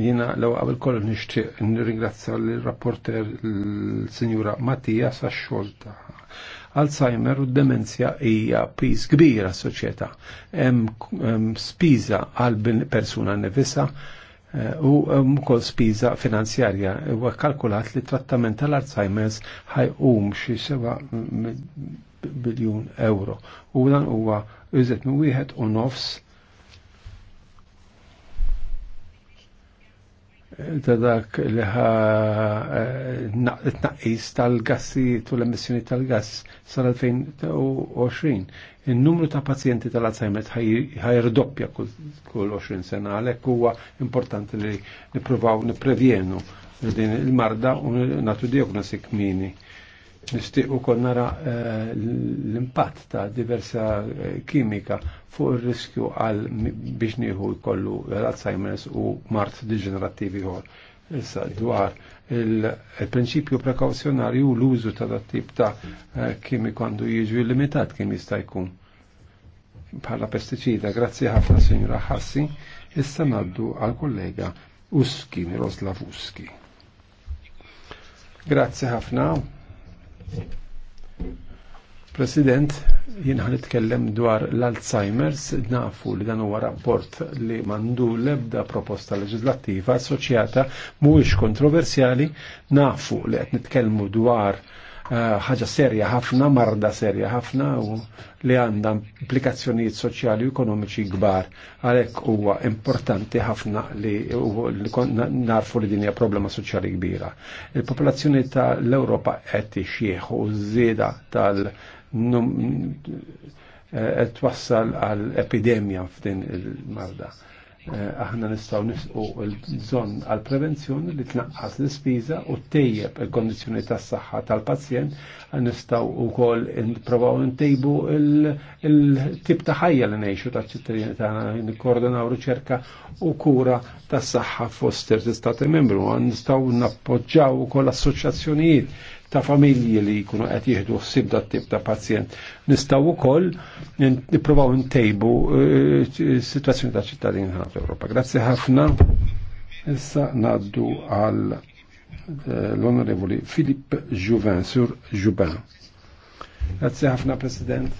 Jiena l għabel kollu nishtiq nirringrazzja l-rapporter l-Sinjura Matija sa' xolta. Alzheimer u demenzja hija piż kbira s-soċjetà. Hemm spiża għal persuna nevisa. Eh, u eh, mkoll um, spiża finanzjarja u kalkulat li trattament tal-Alzheimer's ħajqum xi sewa biljun euro. U dan huwa iżet minn wieħed u nofs ta' dak li ħa eh, tnaqqis tal-gassi u l-emissjoni tal-gass sal-2020. Il-numru ta' pazjenti tal-Alzheimer ħajrdoppja kull 20 sena għalhekk huwa importanti li nippruvaw nipprevjenu din il-marda u natu diagnostik mini. Nishtiq u nara eh, l-impatt ta' diversa eh, kimika fuq il-riskju għal biex nieħu jkollu l-Alzheimer's u mart degenerativi għor. Issa dwar il-prinċipju prekauzjonarju l-użu ta' dat tip ta' eh, kimiku għandu jiġu limitat kim jista' jkun. Bħala pesticida, grazzi ħafna signora Hassi, issa naddu għal kollega Uski Miroslav Uski. Grazzi ħafna, President, jien ħan itkellem dwar l-Alzheimer's, nafu li dan huwa rapport li mandu lebda proposta leġislattiva assoċjata mhuwiex kontroversjali, nafu li qed nitkellmu dwar ħaġa serja ħafna, marda serja ħafna u li għandha implikazzjonijiet soċjali u ekonomiċi kbar. Għalhekk huwa importanti ħafna li narfu li din hija problema soċjali kbira. Il-popolazzjoni tal-Ewropa qed ixjieħ u żieda tal- eh, qed twassal għal epidemja f'din il-marda. Eh, aħna nistaw nisqu l-bżonn għal prevenzjoni li tnaqqas l-ispiża u tejjeb il-kondizzjoni tas-saħħa tal-pazjent nistaw ukoll nipprovaw ntejbu il-tip ta' ħajja li ngħixu taċ-ċittadini tagħna nikkoordinaw riċerka u kura tas-saħħa fost stati membru għan nistaw nappoġġaw ukoll assoċjazzjonijiet ta' familji li jkunu qed jieħdu ħsieb dat tip ta' pazjent. Nistgħu wkoll nippruvaw ntejbu s-sitwazzjoni eh, ta' ċittadini ħafna fl-Ewropa. Grazzi ħafna. Issa ngħaddu għal eh, l-Onorevoli Filip Juvin sur Jubin. Grazzi ħafna President.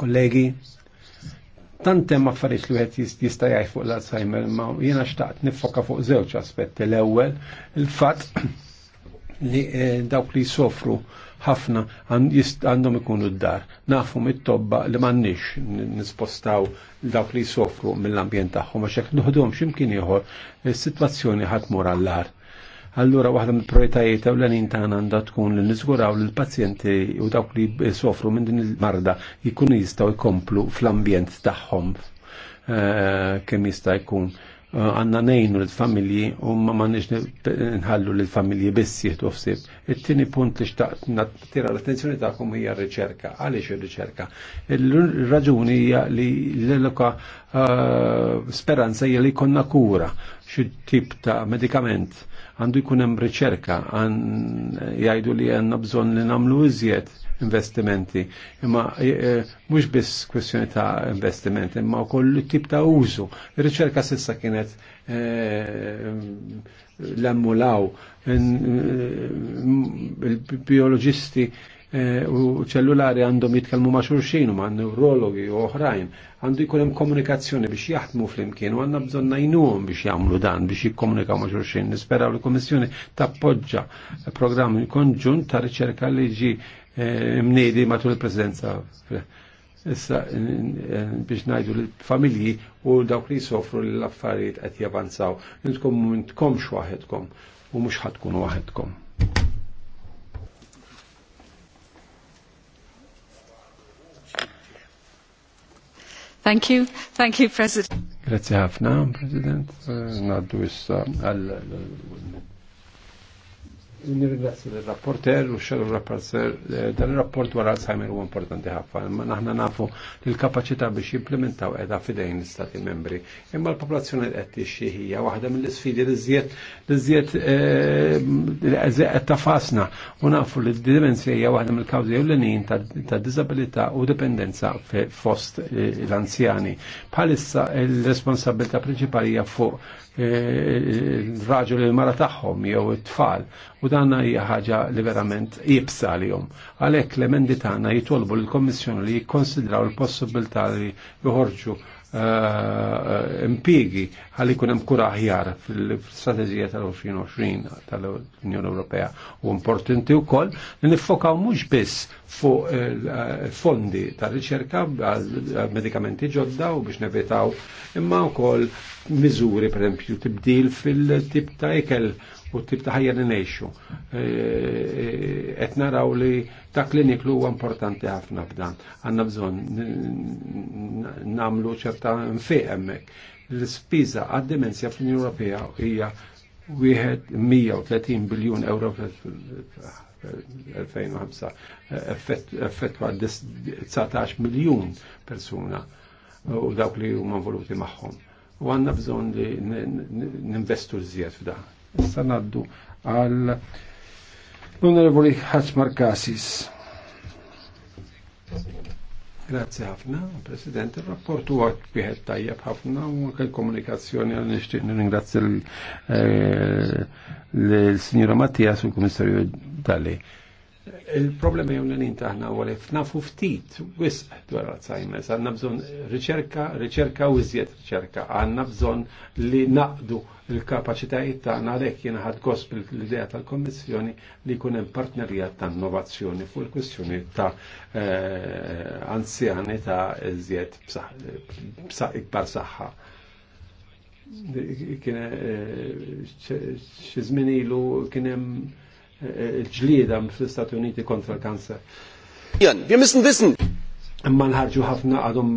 Kollegi, tantem affarijiet li wieħed jista' jgħid fuq l-Alzheimer ma jiena xtaqt nifoka fuq żewġ aspetti. L-ewwel il-fatt li eh, dawk li soffru ħafna għandhom ikunu d-dar. Nafu mit-tobba li m'għandniex nispostaw dawk li soffru mill-ambjent tagħhom għax jekk nuħdhom x'imkien ieħor is-sitwazzjoni eh, ħadd mur għall-ar. Allura waħda mill l-għanin tagħna għandha tkun li niżguraw li l-pazjenti u dawk li sofru minn din il-marda jkunu jistgħu jkomplu fl-ambjent tagħhom eh, kemm jista' jkun għanna nejnu l-familji u ma mannix nħallu l-familji biss jieħdu fsib. Il-tini punt li xtaqt tira l-attenzjoni kum hija r-riċerka. Għaliex r riċerka Il-raġuni hija li l-eloka eh, speranza hija li konna kura xi tip ta' medikament għandu jkun hemm riċerka, jgħidu li għandna bżonn li nagħmlu iżjed investimenti. Imma e, e, mhux biss kwestjoni ta' investimenti, imma wkoll tip ta' użu. Ir-riċerka sissa kienet e, l-emmulaw il-biologisti Eh, u ċellulari għandhom jitkellmu ma' xurxin u ma' neurologi u oħrajn, għandu jkun hemm komunikazzjoni biex jaħdmu flimkien u għandna bżonn najnuhom biex jagħmlu dan biex jikkomunikaw ma' xurxin. Nisperaw li l-Kummissjoni tappoġġa programm konġunt ta' riċerka li ġi eh, mnejdi matul il prezenza issa biex najdu l-familji u dawk li soffru l-affarijiet qed javanzaw. Intkom m'intkomx waħedkom u mhux ħadkun waħedkom. Thank you. Thank you, President. Grazie ħafna, President. Naddu issa għal Nirgrazzi l-rapporter u xallu rapporter eh, dan il-rapport wara Alzheimer u importanti ħafna, Ma naħna nafu l-kapacità biex jimplementaw edha fidejn l-Stati membri. Imma l-popolazzjoni qed tixxi hija waħda mill-isfidi li żjed li żjed eh, qed tafasna u nafu li d-dimensja hija waħda mill-kawżi ewlenin ta' disabilità u dipendenza fost l-anzjani. Bħalissa l-responsabilità prinċipali hija fuq raġu l mara tagħhom jew it-tfal u danna hija ħaġa li verament jibsa jom. Għalhekk l-emendi tagħna jitolbu l-Kommissjoni li jikkonsidraw il-possibilità li joħorġu Eh, eh, impigi ħalli kun hemm kura aħjar fil-strateġija tal-2020 tal-Unjoni Ewropea u importanti wkoll li niffokaw mhux biss fuq eh, fondi ta' riċerka għal medikamenti ġodda u biex nevitaw imma wkoll miżuri pereżempju tibdil fil-tip ta' ikel u tip ta' ħajja li ngħixu. Qed naraw li ta' kliniklu u importanti għafna b'dan. Għanna bżon namlu ċerta nfiq l spiza għad-demenzja fl-Unjoni Ewropea hija 130 biljun euro fl-2005 Effettu għad 19 miljon persuna u dawk li huma voluti magħhom. U għanna bżon li ninvestu żjed f'da. Issa naddu għal l-Onorevoli Hatzmar Kasis. Grazie ħafna, President. Il-rapport huwa biħed tajjeb ħafna u anke l-komunikazzjoni għal nixtieq nirringrazzja l eh, signora Mattias u l komissarju Dalli Il-problema jew l-nin taħna u għalif nafu ftit wis, dwar Alzheimer's, għanna bżon riċerka, riċerka u zjed riċerka, għanna bżon li naqdu il-kapacitajiet taħna għalek jena ħad gosp l-idea tal-Kommissjoni li kunem partnerijat ta' innovazzjoni fuq il-kwestjoni ta' eh, anzjani ta' iżjed ikbar saħħa kien eh, xizmin ilu kien hemm il-ġlieda fl-Istati Uniti kontra l-kanser. Jan, Wir müssen wissen. Imma nħarġu ħafna għadhom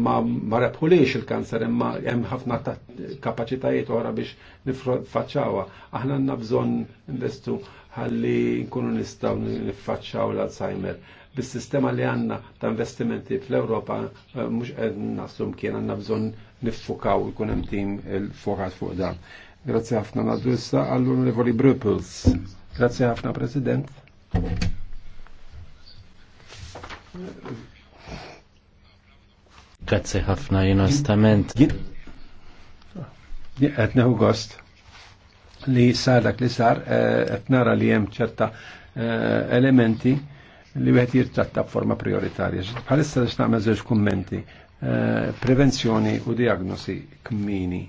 ma rebħuliex il-kanser, imma jem ħafna ta' kapacitajiet oħra biex nifacċawa. Aħna għanna bżon investu għalli nkunu nistaw nifacċaw l-Alzheimer. Bis-sistema li għanna ta' investimenti fl-Ewropa eh, mhux qed sum kien għanna bżon nifukaw ikun hemm tim il-fokat fuq dan. Grazie ħafna naddu issa l-Evoli Brupels. Grazie ħafna, President. Grazie ħafna, jien ostament. Qed neħu gost li sar li sar, eh, qed nara li jem ċerta eh, elementi li wieħed jirtratta forma prioritarja. Bħalissa li nagħmel żewġ kummenti. Eh, prevenzjoni u diagnosi kmini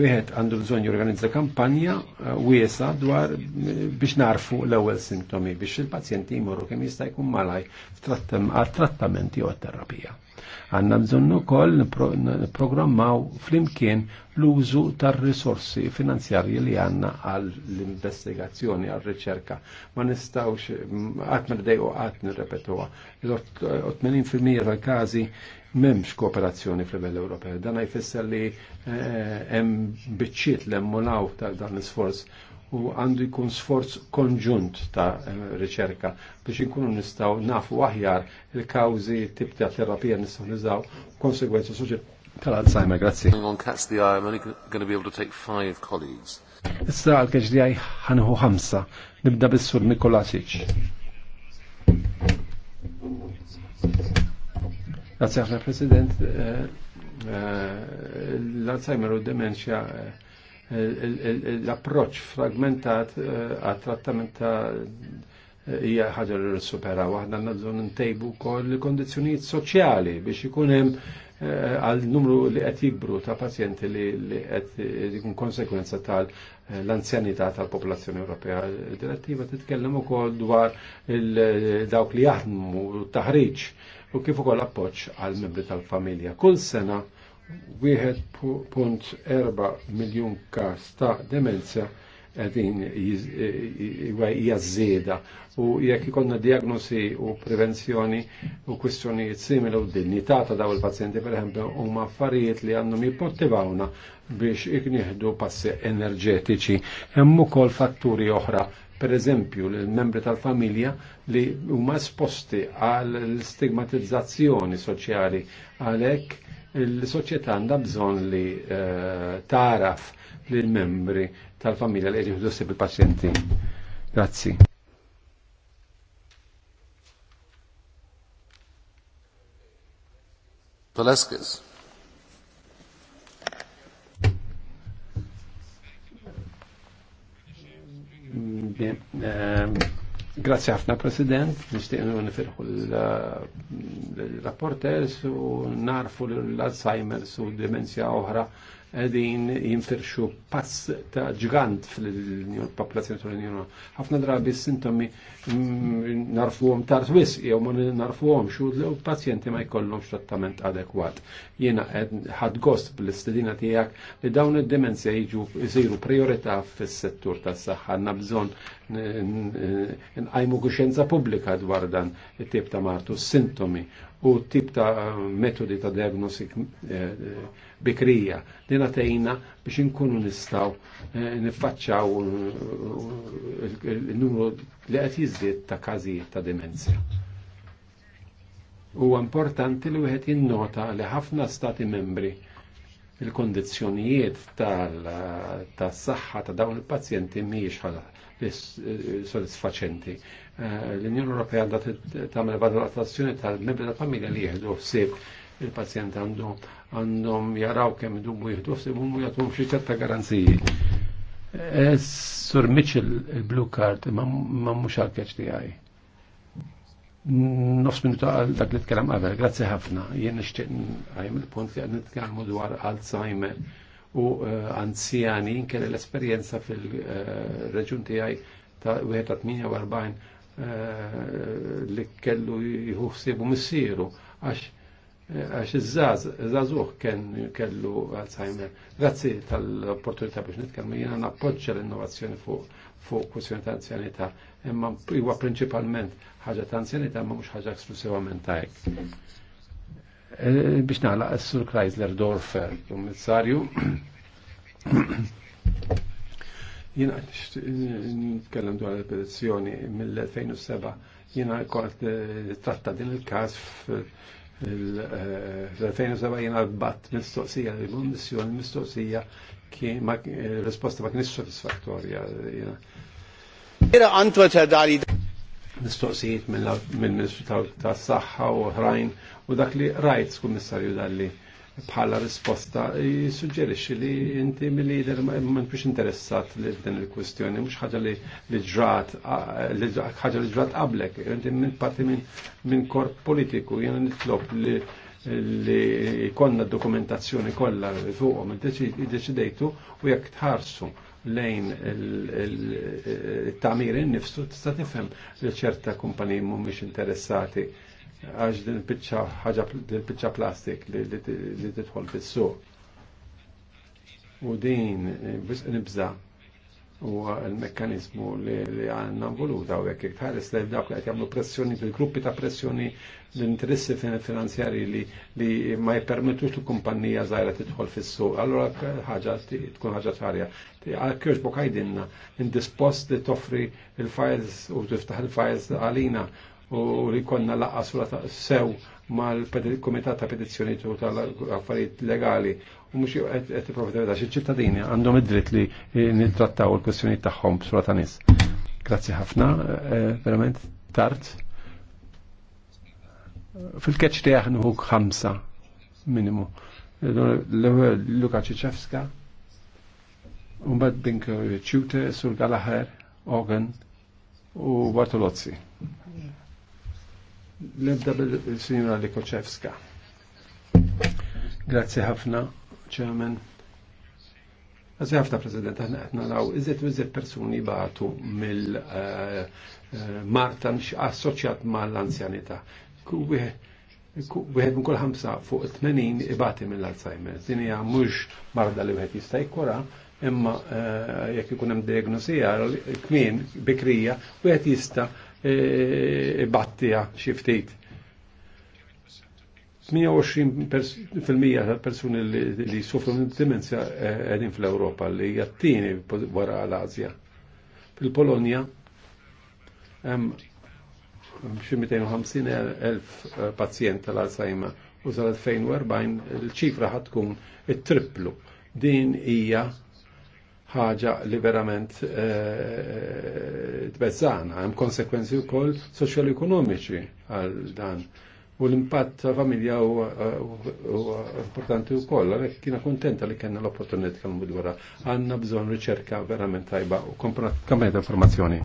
wieħed għandu bżonn jorganizza kampanja eh, wiesa dwar eh, biex narfu l-ewwel sintomi biex il-pazjenti jmorru kemm jista' jkun malaj għat-trattamenti u għat-terapija. Għanna bżonnu kol programmaw flimkien l-użu tar risorsi finanzjarji li għanna għall-investigazzjoni, għall-riċerka. Ma nistawx, għatna l u għatni repetuwa. Il-80% għal kazi memx kooperazzjoni fl-level Ewropew. Dan jfisser li hemm biċċiet l-emmolaw ta' dan l-isforz u għandu jkun sforz konġunt ta' eh, riċerka biex inkunu nistaw nafu aħjar il-kawzi tip ta' terapija nistaw nizaw konsegwenzi soċi tal-Alzheimer, grazzi. On Cats the Eye, I'm only going to be able to take five colleagues. Issa għal-keċ di għaj ħanħu ħamsa, nibda bissur Mikolasic. Grazie, President. Eh, eh, L-Alzheimer u d l-approċ fragmentat eh, għat trattament ta' hija ħaġa li supera waħda nabżu wkoll kol kondizzjonijiet soċjali biex ikun hemm eh, għal numru li qed jikbru ta' pazjenti li qed eh, ikun konsekwenza tal l-anzjanità tal-popolazzjoni Ewropea. Direttiva titkellem ukoll dwar dawk li jaħdmu taħriġ u kif ukoll appoġġ għal membri tal-familja. Kull sena 1.4 miljon kas ta' demenzja għedin jazzeda u jekk ikonna diagnosi u prevenzjoni u kwistjonijiet simili u dignità ta' daw il-pazjenti per eżempju u affarijiet li għandhom jippottivawna biex iknieħdu passi enerġetiċi. Hemm ukoll fatturi oħra per eżempju l-membri tal-familja li huma esposti għal stigmatizzazzjoni soċjali għalhekk il-soċjetà għandha bżonn li eh, taraf lill membri tal-familja li qegħdin jħdossi il pazjenti Grazzi. Velasquez. Mm, bien, eh, Grazie ħafna President, nishtiq nifirħu l-rapporters u narfu l-Alzheimer's u demenzja oħra għedin jinfirxu pass ta' ġgant fil-popolazzjoni tal-Unjoni. ħafna drabi s sintomi mm, narfuhom tard wis jew ma narfu narfuhom xu u pazjenti ma jkollhomx trattament adekwat. Jena ħad gost bl-istedina tijak li dawn id-demenzja jiġu jsiru priorita fil settur tas-saħħa għandna bżonn nqajmu kuxjenza publika dwar dan it-tip ta' martu, s sintomi u tip ta' metodi ta' diagnostik eh, eh, bikrija li natejna biex inkunu nistaw eh, nifacċaw il-numru li qed jiżdied ta' każijiet ta' demenzja. Huwa importanti li wieħed jinnota li ħafna stati membri il-kondizzjonijiet tas-saħħa ta' dawn il-pazjenti mhijiex Eh, soddisfaċenti. Eh, L-Unjoni Ewropea għandha tagħmel valutazzjoni tal-membri tal-familja li jieħdu ħsieb il-pazjent għandu għandhom jaraw kemm idumu jieħdu ħsieb u jagħtuhom xi ċerta garanziji. Eh, Sur Mitchell il-blue card ma mhux għal li għaj. Nofs minuta għal dak li tkellem qabel, grazzi ħafna. Jien nixtieq għajm il-punt li għad nitkellmu dwar Alzheimer u eh, anzjani inkella l esperienza fil-reġun tiegħi ta' wieħed ta' 48 eh, li kellu jħuħsibu missiru, għax eh, għax iż-żaz, iż-żazuħ kellu Alzheimer. Grazzi tal-opportunità biex nitkellmu jiena nappoġġa l-innovazzjoni fuq fuq kwestjoni ta' anzjanità, imma huwa prinċipalment ħaġa ta' anzjanità imma mhux ħaġa esklusivament ta' hekk. Eh, biex naħlaq s-Sur Chrysler Dorfer, kummissarju. Jina nitkellem dwar il-petizzjoni mill-2007, jina kont eh, tratta din il-kas fil-2007 eh, jina l-bat mistoqsija, il-missjoni mistoqsija ma risposta ma kienx satisfaktorja. Era antwet Herr Dali mistoqsijiet mill-Ministru tas-Saħħa u oħrajn u dak li rajt kummissarju dalli bħala risposta jissuġġerixxi li inti mill-lider ma biex interessat li din il kwestjoni mhux ħaġa li ġrat ħaġa li ġrat qablek, inti minn parti minn korp politiku jiena nitlob li li konna dokumentazzjoni kollha fuqhom iddeċidejtu u jekk tħarsu lejn il-tamir innifsu tista' tifhem li ċerta kumpaniji mhumiex interessati għax din piċċa ħaġa piċċa plastik li tidħol fis-suq. U din eh, nibża huwa l-mekkanizmu li għanna voluta u għek tħares li dak għet jamlu pressjoni bil-gruppi ta' pressjoni l-interessi finanzjari li ma jpermettux li kumpanija zaħra titħol fissu. Allora ħagġa tkun ħagġa ċarja. Kirx bokajdinna, ħajdinna indispost li toffri il-files u tiftaħ il-files għalina u li konna laqqa sura sew mal-Komitat ta' Petizzjoni tal-Affarijiet Legali u mux għet t-profita ċittadini għandhom id-dritt li nittrattaw il-kwestjoni taħħom b'sura ta' nis. Grazzi ħafna, eh, verament tart. Fil-keċ tijaħ nħu ħamsa minimu. Luka Ċiċevska, un-bad dinko ċute, sur Galaher, Ogen u Bartolozzi. Lebda bil-signora Likoċevska. Grazie ħafna. Chairman. Għazja ħafna President, għanna għetna naraw, iżet iżet personi baħtu mill-Martan eh, eh, assoċjat mal-anzjanità. Wieħed minn kull ħamsa fuq 80 ibati mill-Alzheimer. Din hija mhux marda li wieħed jista' jkura, imma eh, jekk ikun hemm diagnosija kmien bikrija, wieħed jista' ibattija xi ftit 120% tal persuni li soffru minn dimensja għedin eh, fl-Europa li jattini wara l-Azja. Fil-Polonja hemm xi 250,000 eh, pazjent tal-Alzheimer u sal-2040 il-ċifra ħatkun tkun it-triplu. Din hija ħaġa li verament eh, tbezzana, hemm konsekwenzi wkoll soċjal-ekonomiċi għal dan u l-impatt ta' familja u importanti wkoll, għalek kina kontenta li kena l-opportunità kemm dwarha. Għandna bżonn riċerka verament tajba u komponat ta' informazzjoni.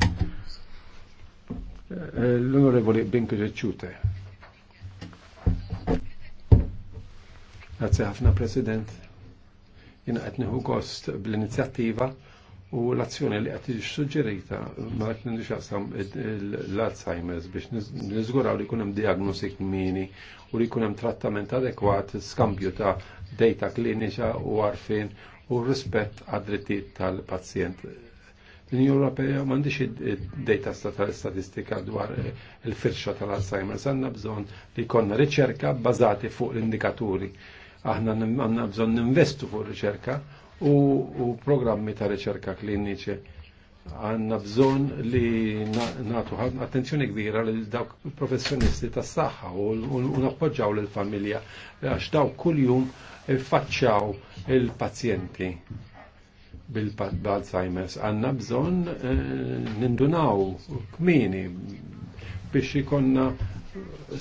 Eh, L-Onorevoli Binko Ġeċute. Grazie ħafna President. Jina qed gost bl-inizjattiva u l-azzjoni li qed tiġi suġġerita ma qed nindixaqsam l-Alzheimer's biex niżguraw li jkun hemm diagnostik mini u li jkun hemm trattament adekwat, skambju ta' data klinika u għarfien u rispett għad tal-pazjent l-Unjoni Ewropea m'għandix id-data statistika dwar eh, il-firxa tal alzheimers għandna bżonn li konna riċerka bbażati fuq l-indikaturi. Aħna għandna bżonn ninvestu fuq riċerka u programmi ta' riċerka kliniċi għanna bżon li natu attenzjoni kbira li dawk professjonisti s saħħa u nappoġġaw l-familja għax daw kull-jum faċċaw il-pazjenti bil-Alzheimer's. Għanna bżon eh, nindunaw kmini biex ikonna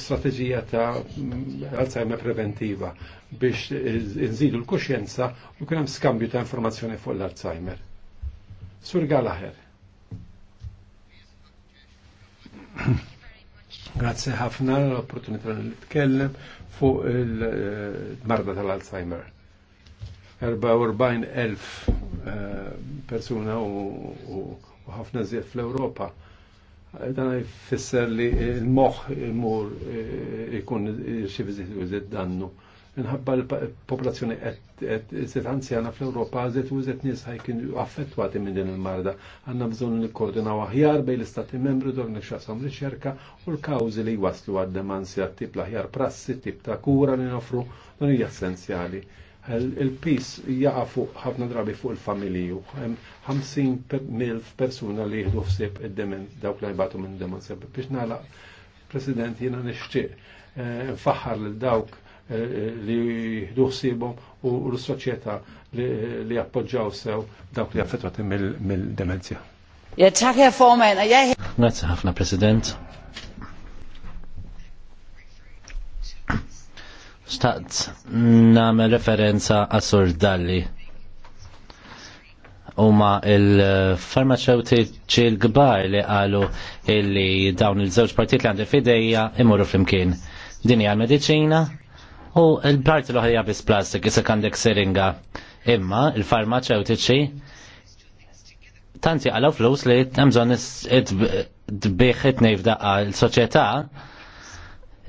strategija ta' Alzheimer preventiva biex nżidu l-kuxjenza u kien skambju ta' informazzjoni fuq l-Alzheimer. Sur Galaher. Grazie ħafna l-opportunità li nitkellem fuq il-marda tal-Alzheimer. 44,000 eh, persuna u ħafna ziet fl-Europa Dan jfisser li il moħ imur eh, ikun xi viżit dannu. Nħabba l-popolazzjoni qed anzjana fl-Ewropa żed u żed nies ħajkin affettwati minn din il-marda. Għandna bżonn nikkoordinaw aħjar bejn l-istati membri dwar nixxaqsam riċerka u l-kawżi li jwaslu għad-demansja tip l-aħjar prassi, tip ta' kura li nofru, dan hija essenzjali il-pis jaqa fuq ħafna drabi fuq il-familji u 50 mil persuna li jihdu fsib id demen dawk li jibatu minn demenz biex nala president jina nixtieq eh, Faħar lil dawk eh, li jihdu ħsibhom u l-soċjetà li jappoġġaw sew dawk li jaffetwati mill-demenzja. Grazie ħafna President. Staqt nagħmel referenza għasur dalli. Huma il-farmaceutiċi l-gbar li qalu illi dawn il-żewġ partit li għandu fidejja imorru flimkien. hija għal-medicina u l-parti l-oħrija bis plastik isek għandek seringa. Imma il-farmaceutiċi tanti għalaw flus li hemm id-biħ it-nejf daqqa l-soċieta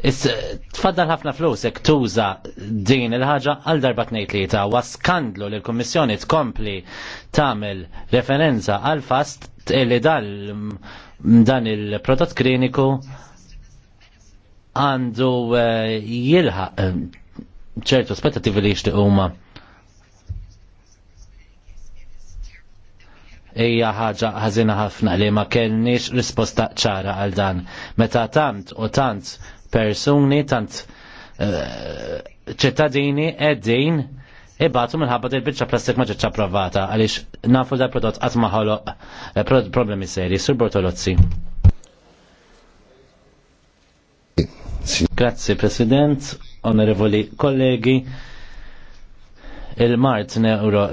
Tfaddal ħafna flus tuża din il-ħaġa għal darba tnejn tlieta wa skandlu li l-Kummissjoni tkompli tagħmel referenza għal fast li dal dan il-prodott kliniku għandu eh, jilħa eh, ċertu aspettativi li jixtieq huma. Ija ħaġa ħażina ħafna li ma kellniex risposta ċara għal dan. Meta tant u tant persuni tant eh, ċittadini qegħdin ibatu minħabba il biċċa plastik ma ġietx approvata għaliex nafu dal prodott qatt ma ħoloq eh, problemi seri. Sur Bortolozzi. Grazzi President, onorevoli kollegi. Il-Mart neuro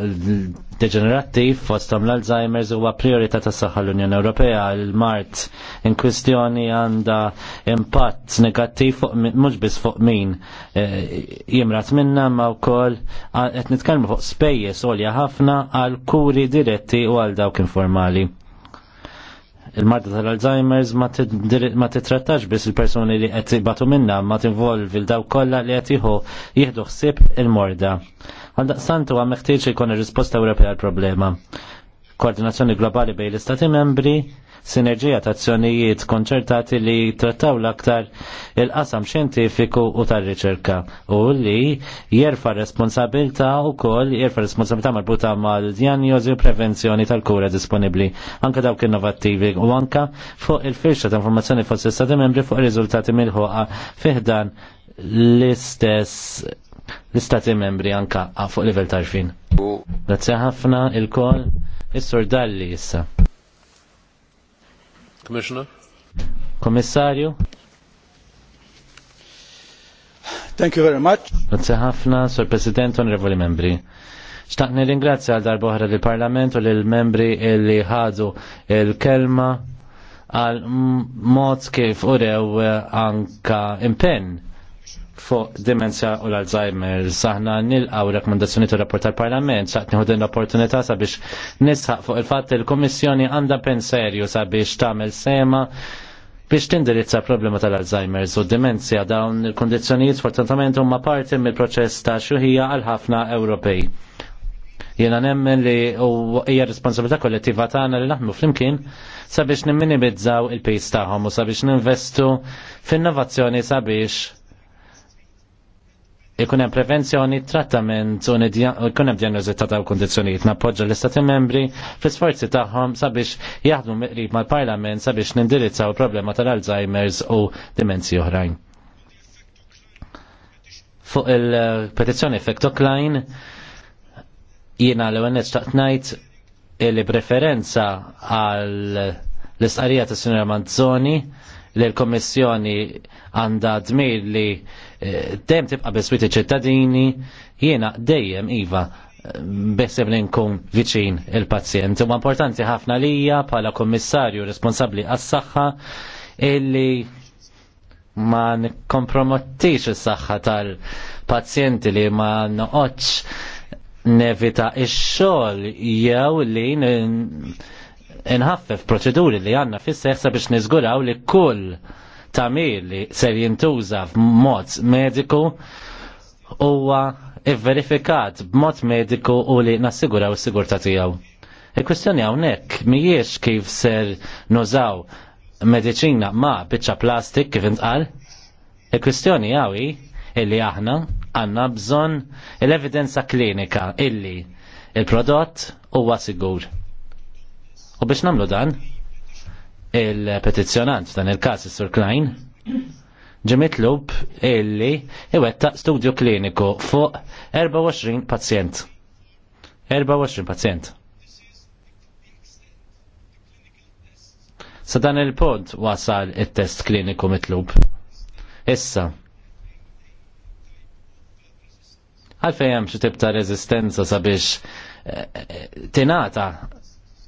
deġenerattiv fostom l-Alzheimer's huwa priorità tas saħħa l-Unjoni Ewropea l-Mart in kwistjoni għandha impatt negattiv fuq mhux biss fuq min eh, jimrat minna ma wkoll qed nitkellmu fuq spejjeż għolja ħafna għal kuri diretti u għal dawk informali il-marda tal-Alzheimer's ma titrattax biss il-personi li qed tibatu minna ma tinvolvi l-daw kollha li qed jieħdu ħsieb il-morda. Għaldaqstantu għam meħtieġ ikon ir-risposta Ewropea għal-problema. Koordinazzjoni globali bej l-Istati membri, sinerġija ta' azzjonijiet konċertati li trattaw l-aktar il-qasam xjentifiku u tar-riċerka u li jerfa' responsabilta u koll jerfa' responsabilta marbuta mal-djanjozi u prevenzjoni tal-kura disponibli anka dawk innovattivi u anka fuq il-firxa ta' informazzjoni fost l-Istati membri fuq il-riżultati mill-ħoqa fiħdan l-istess l-istati membri anka fuq level tarfin. Grazzi ħafna il-kol, il sur Dalli issa. Commissioner? Commissario? Thank you very much. Grazie ħafna, Sur President, onorevoli membri. Xtaqni ringrazzja għal darboħra li lill parlament u lill membri li ħadu il-kelma għal mod kif urew anka impenn fuq dimensja u l-Alzheimer. Saħna nilqaw rekomendazzjoni u rapport tal-Parlament, saħt nieħu din l-opportunità sabiex nisħaq fuq il-fatt il komissjoni kummissjoni għandha pen serju sabiex tagħmel sema biex tindirizza problema tal-Alzheimer's u demenzja dawn il-kondizjonijiet fortunatament huma parti mill-proċess ta' xuħija għal ħafna Ewropej. Jena nemmen li hija responsabilità kollettiva tagħna li naħmu flimkien sabiex nimminimizzaw il-pejs tagħhom u sabiex ninvestu f'innovazzjoni sabiex ikun hemm prevenzjoni, trattament u ikun hemm diagnożi ta' dawn kundizzjonijiet nappoġġa l-istati membri fl-isforzi tagħhom sabiex jaħdmu miqrib mal-Parlament sabiex nindirizzaw il-problema tal-Alzheimer's u dimensi oħrajn. Fuq il-petizzjoni Effect Klein jiena l-ewenet ta' ngħid il preferenza għal l-istqarija tas-Sinjora Manzoni li l-Kommissjoni għandha dmir li eh, dejjem tibqa' biswit iċ-ċittadini, jiena dejjem iva eh, besseb li nkun viċin il-pazjent. Huwa importanti ħafna lija bħala kommissarju responsabbli għas-saħħa illi ma nkompromottix is-saħħa tal-pazjenti li ma noqgħodx nevita ix-xogħol jew li inħaffef proċeduri li għanna fissa seħsa biex niżguraw li kull tamir li ser jintuża f'mod mediku huwa verifikat b'mod mediku u li nassiguraw is-sigurtà tiegħu. Il-kwestjoni hawnhekk mhijiex kif ser nużaw mediċina ma' biċċa plastik kif intqal. Il-kwestjoni għawi illi aħna għandna bżonn l-evidenza klinika illi il-prodott huwa sigur. U biex namlu dan, il-petizzjonant dan il-kas Sir Klein lub illi iwetta studju kliniku fuq 24 pazjent. 24 pazjent. Sa dan il-pod wasal il-test kliniku mitlub. Issa. Għalfejem hemm xi tibta rezistenza sabiex eh, eh, tinata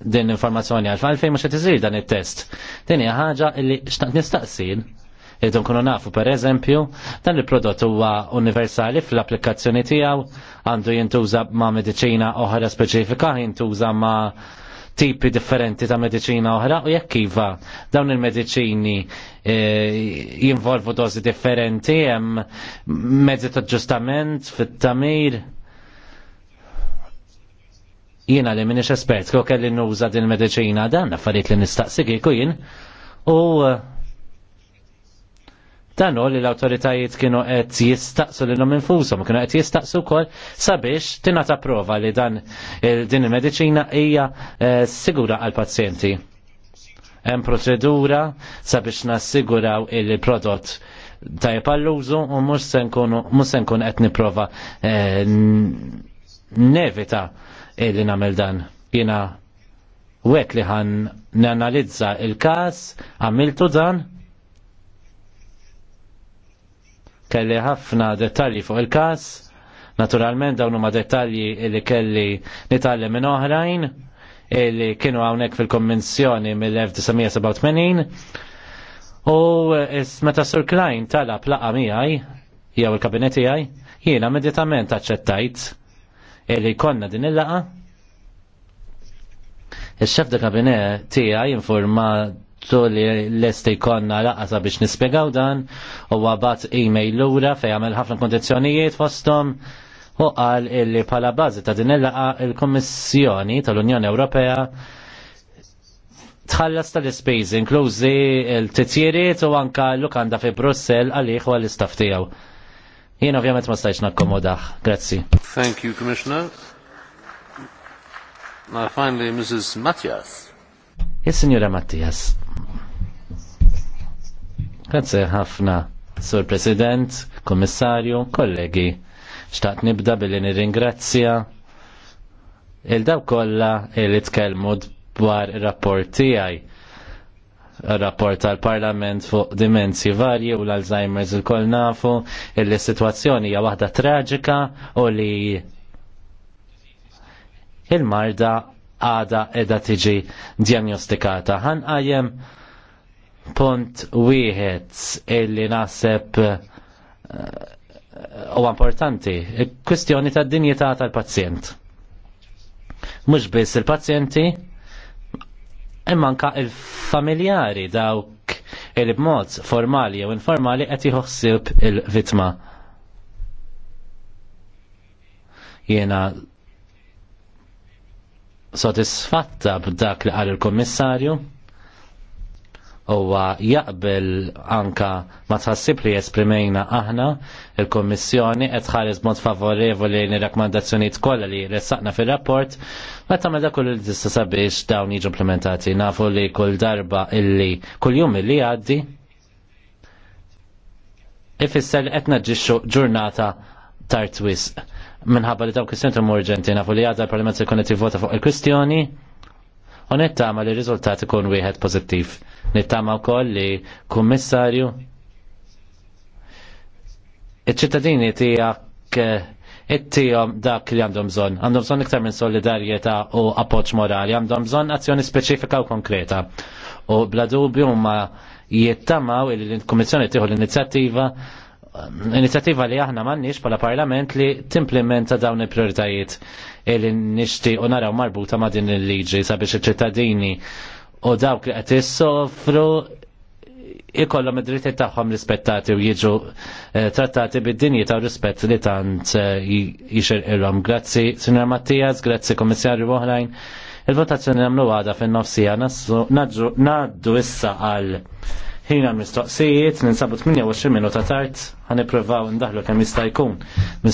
din informazzjoni għal fejn mhux qed iżir dan it-test. Din hija ħaġa li xtaqt nistaqsil. Irridu kunu nafu pereżempju dan il-prodott huwa universali fl-applikazzjoni tiegħu għandu jintuża ma' mediċina oħra speċifika, jintuża ma' tipi differenti ta' mediċina oħra u jekk iva dawn il-mediċini e, jinvolvu dozi differenti hemm mezzi ta' ġustament fit-tamir Jiena li minix espert, ko kelli nuża din medicina dan, affarit li nistaqsik kieku jien. U dan li l-autoritajiet kienu qed jistaqsu lilhom infushom, kienu qed jistaqsu wkoll sabiex tingħata prova li dan eh, din il-mediċina hija eh, sigura għal pazjenti. Hemm proċedura sabiex nassiguraw il-prodott tajjeb għall-użu u mhux se nkun qed nipprova eh, nevita li namel dan. Jena u li ħan neanalizza il-kas, għamiltu dan, kelli ħafna dettalji fuq il-kas, naturalment dawn huma dettalji li kelli nitgħallem minn oħrajn li kienu hawnhekk fil-kommissjoni mill-1987 u meta Sur Klein talab plaqa miħaj, jew il-kabinet tiegħi jiena immedjatament aċċettajt li konna din il-laqa. Il-xef da kabinet tija jinforma tu li l-esti konna laqa sabiex nispiegaw dan u għabat e-mail l-ura fej għamil ħafna kondizjonijiet fostom u għal illi pala bazi ta' din il-laqa il komissjoni tal-Unjoni Ewropea tħallas tal-ispejzi, inklużi l titjiriet u anka l-lukanda fi Brussel għalih u għal-istaff tijaw. Jien ovvjament ma stajx nakkomodaħ. Grazzi. Thank you, Commissioner. Now finally, Mrs. Matthias. Yes, Signora Mattias. Grazie ħafna, Sur President, Kommissarju, kollegi. Xtaqt nibda billi nirringrazzja il-daw kolla il-itkelmu dwar il-rapport tijaj rapport tal-Parlament fuq dimensi varji u l-Alzheimer's il koll nafu illi situazzjoni hija waħda traġika u li il-marda għada edha tiġi djanjostikata. Għan għajem punt wieħed illi naħseb eh, u importanti, kwestjoni ta' dinjità tal-pazjent. Mux biss il-pazjenti, imma e anka il-familjari dawk il-b'mod formali jew informali qed jħossib il-vitma. Jiena sodisfatta b'dak li qal il-Kummissarju huwa jaqbel anka ma tħassib li esprimejna aħna il-Kommissjoni qed ħares mod favorevoli nir rakkomandazzjonijiet kollha li ressaqna fir-rapport ma tagħmel dak li tista' sabiex dawn jiġu implementati. Nafu li kull darba illi kull jum illi għaddi ifisser li qed naġġixxu ġurnata tartwisq minħabba li dawn kwistjoni sentrum urġenti nafu li għadha l-Parlament se jkun qed vota fuq il-kwistjoni u nittama li rizultati kun wieħed pozittiv. Nittama wkoll li kummissarju iċ-ċittadini tiegħek eh, ittijom dak li għandhom bżonn. Għandhom bżonn iktar minn solidarjetà u appoġġ morali, għandhom bżonn azzjoni speċifika u konkreta. U bla dubju ma jittamaw il-Kummissjoni tieħu l-inizjattiva inizjattiva li aħna m'għandniex bħala parlament li timplementa dawn il-prioritajiet li nixtieq u naraw marbuta ma' din il-liġi sabiex iċ-ċittadini u dawk li qed issofru ikollhom id-dritti tagħhom rispettati u jiġu eh, trattati bid-dinji ta' rispett li tant eh, jixirqilhom. Grazzi Sinjor Mattias, grazzi Komissarju oħrajn. Il-votazzjoni nagħmlu għada fin-nofsija naddu issa għal ħina mistoqsijiet, ninsabu 28 minuta tard, ħaniprovaw ndaħlu kemm jista' jkun.